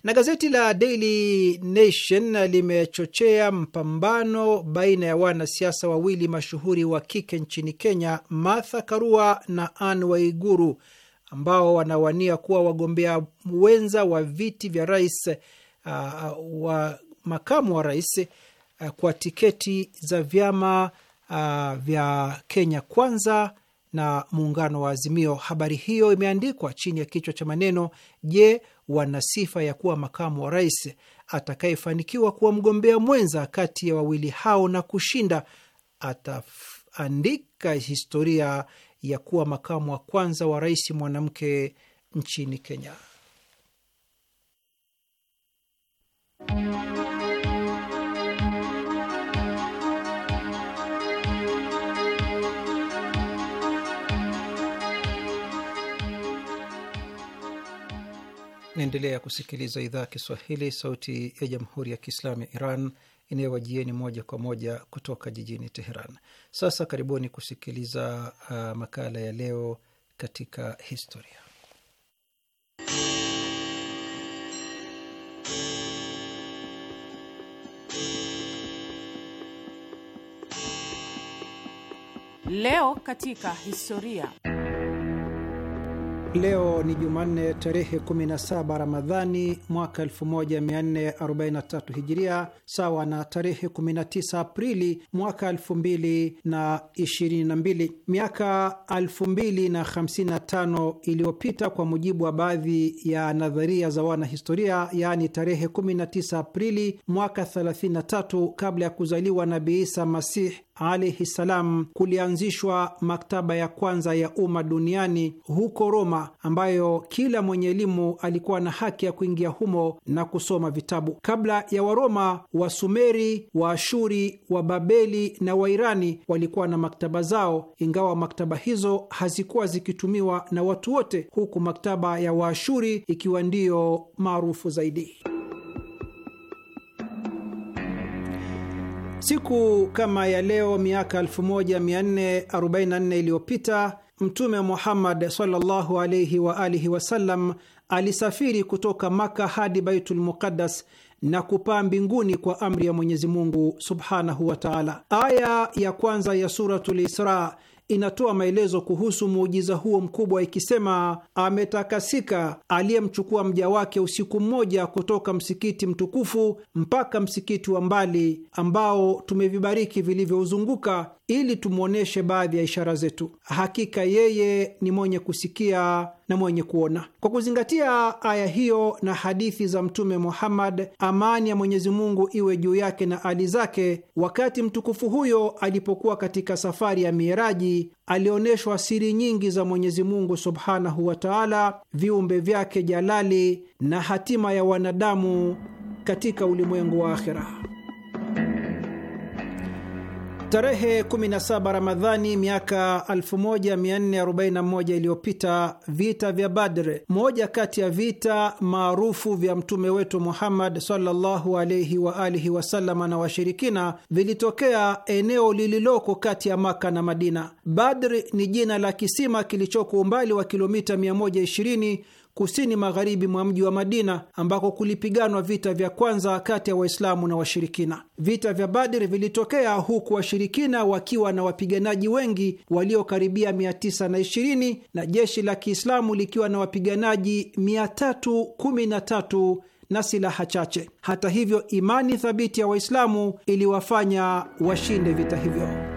Na gazeti la Daily Nation limechochea mpambano baina ya wanasiasa wawili mashuhuri wa kike nchini Kenya, Martha Karua na Anne Waiguru, ambao wanawania kuwa wagombea wenza wa viti vya rais uh, wa makamu wa rais uh, kwa tiketi za vyama uh, vya Kenya Kwanza na muungano wa Azimio. Habari hiyo imeandikwa chini ya kichwa cha maneno, je, wana sifa ya kuwa makamu wa rais atakayefanikiwa kuwa mgombea mwenza kati ya wawili hao na kushinda ataandika historia ya kuwa makamu wa kwanza wa rais mwanamke nchini Kenya. Naendelea kusikiliza idhaa ya Kiswahili, sauti ya jamhuri ya kiislamu ya Iran inayowajieni moja kwa moja kutoka jijini Teheran. Sasa karibuni kusikiliza uh, makala ya leo katika historia. Leo katika historia Leo ni Jumanne tarehe 17 Ramadhani mwaka 1443 Hijiria, sawa na tarehe 19 Aprili mwaka 2022. Miaka 2055 iliyopita, kwa mujibu wa baadhi ya nadharia za wanahistoria, yaani tarehe 19 Aprili mwaka 33 kabla ya kuzaliwa Nabii Isa Masih alaihi ssalam kulianzishwa maktaba ya kwanza ya umma duniani huko Roma, ambayo kila mwenye elimu alikuwa na haki ya kuingia humo na kusoma vitabu. Kabla ya Waroma, Wasumeri, Waashuri, Wababeli na Wairani walikuwa na maktaba zao, ingawa maktaba hizo hazikuwa zikitumiwa na watu wote, huku maktaba ya Waashuri ikiwa ndiyo maarufu zaidi. Siku kama ya leo miaka 1444 iliyopita Mtume Muhammad sallallahu alaihi wa alihi wasallam alisafiri kutoka Maka hadi Baitul Muqaddas na kupaa mbinguni kwa amri ya Mwenyezi Mungu subhanahu wa taala. Aya ya kwanza ya Suratul Isra inatoa maelezo kuhusu muujiza huo mkubwa ikisema, ametakasika aliyemchukua mja wake usiku mmoja kutoka msikiti mtukufu mpaka msikiti wa mbali ambao tumevibariki vilivyouzunguka ili tumwonyeshe baadhi ya ishara zetu. Hakika yeye ni mwenye kusikia na mwenye kuona. Kwa kuzingatia aya hiyo na hadithi za Mtume Muhammad, amani ya Mwenyezi Mungu iwe juu yake na ali zake, wakati mtukufu huyo alipokuwa katika safari ya Mieraji alionyeshwa siri nyingi za Mwenyezi Mungu subhanahu wa taala, viumbe vyake jalali na hatima ya wanadamu katika ulimwengu wa akhira. Tarehe 17 Ramadhani miaka 1441 iliyopita, vita vya Badr, moja kati ya vita maarufu vya mtume wetu Muhammad sallallahu alaihi wa alihi wasallam na washirikina, vilitokea eneo lililoko kati ya Maka na Madina. Badr ni jina la kisima kilichoko umbali wa kilomita 120 kusini magharibi mwa mji wa Madina, ambako kulipiganwa vita vya kwanza kati ya Waislamu na washirikina. Vita vya Badri vilitokea huku washirikina wakiwa na wapiganaji wengi waliokaribia 920 na jeshi la Kiislamu likiwa na wapiganaji 313 na silaha chache. Hata hivyo, imani thabiti ya Waislamu iliwafanya washinde vita hivyo.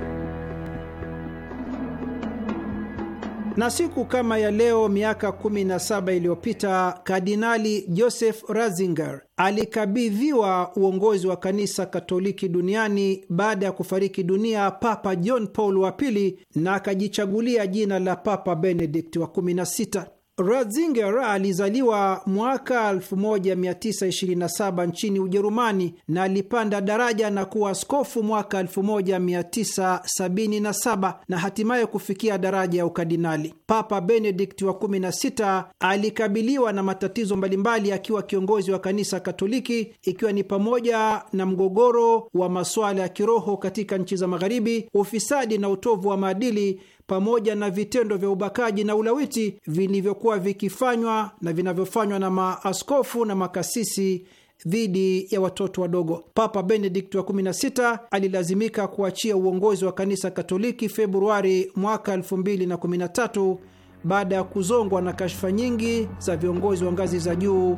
Na siku kama ya leo miaka 17 iliyopita Kardinali Joseph Ratzinger alikabidhiwa uongozi wa kanisa Katoliki duniani baada ya kufariki dunia Papa John Paul wa pili na akajichagulia jina la Papa Benedict wa 16. Ratzinger alizaliwa mwaka 1927 nchini Ujerumani na alipanda daraja na kuwa askofu mwaka 1977 na hatimaye kufikia daraja ya ukardinali. Papa Benedikt wa 16 alikabiliwa na matatizo mbalimbali akiwa kiongozi wa kanisa Katoliki, ikiwa ni pamoja na mgogoro wa masuala ya kiroho katika nchi za Magharibi, ufisadi na utovu wa maadili pamoja na vitendo vya ubakaji na ulawiti vilivyokuwa vikifanywa na vinavyofanywa na maaskofu na makasisi dhidi ya watoto wadogo. Papa Benedikt wa 16 alilazimika kuachia uongozi wa kanisa Katoliki Februari mwaka 2013 baada ya kuzongwa na kashfa nyingi za viongozi wa ngazi za juu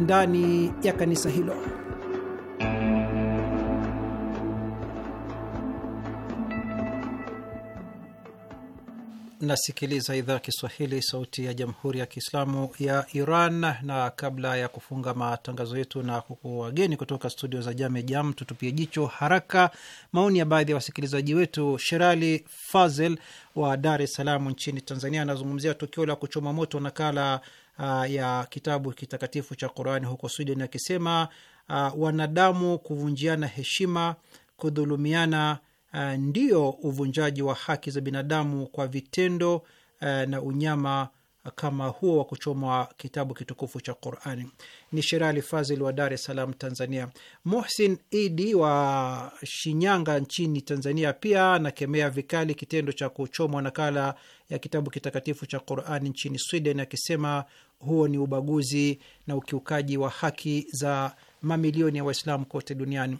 ndani ya kanisa hilo. mnasikiliza idhaa Kiswahili sauti ya jamhuri ya Kiislamu ya Iran, na kabla ya kufunga matangazo yetu na kukuwageni kutoka studio za Jame Jam, tutupie jicho haraka maoni ya baadhi ya wasikilizaji wetu. Sherali Fazel wa Dar es Salaam nchini Tanzania anazungumzia tukio la kuchoma moto nakala uh, ya kitabu kitakatifu cha Qurani huko Sweden, akisema uh, wanadamu kuvunjiana heshima, kudhulumiana uh, ndio uvunjaji wa haki za binadamu kwa vitendo uh, na unyama kama huo wa kuchomwa kitabu kitukufu cha Qurani. Ni Sherali Fazil wa Dar es Salaam, Tanzania. Muhsin Idi wa Shinyanga nchini Tanzania pia anakemea vikali kitendo cha kuchomwa nakala ya kitabu kitakatifu cha Qurani nchini Sweden, akisema huo ni ubaguzi na ukiukaji wa haki za mamilioni ya Waislamu kote duniani.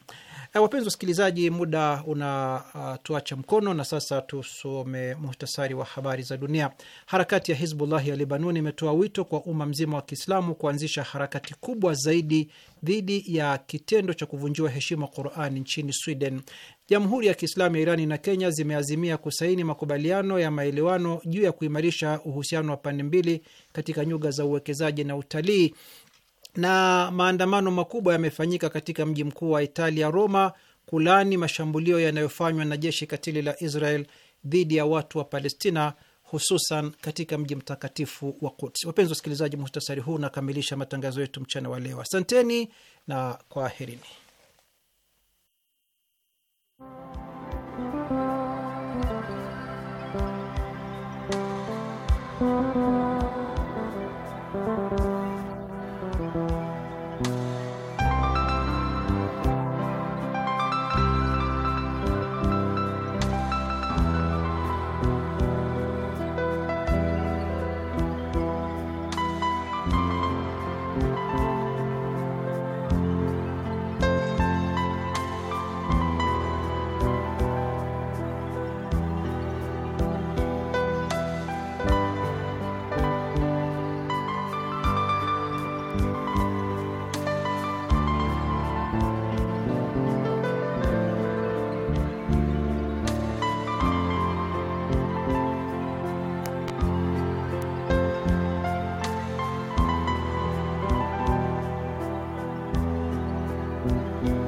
Eh, wapenzi wasikilizaji, muda unatuacha uh, mkono na sasa tusome muhtasari wa habari za dunia. Harakati ya Hizbullahi ya Lebanon imetoa wito kwa umma mzima wa Kiislamu kuanzisha harakati kubwa zaidi dhidi ya kitendo cha kuvunjiwa heshima Qurani nchini Sweden. Jamhuri ya Kiislamu ya Irani na Kenya zimeazimia kusaini makubaliano ya maelewano juu ya kuimarisha uhusiano wa pande mbili katika nyuga za uwekezaji na utalii na maandamano makubwa yamefanyika katika mji mkuu wa Italia, Roma, kulani mashambulio yanayofanywa na jeshi katili la Israel dhidi ya watu wa Palestina, hususan katika mji mtakatifu wa Quds. Wapenzi wasikilizaji, muhtasari huu unakamilisha matangazo yetu mchana wa leo. Asanteni na kwaherini. thank you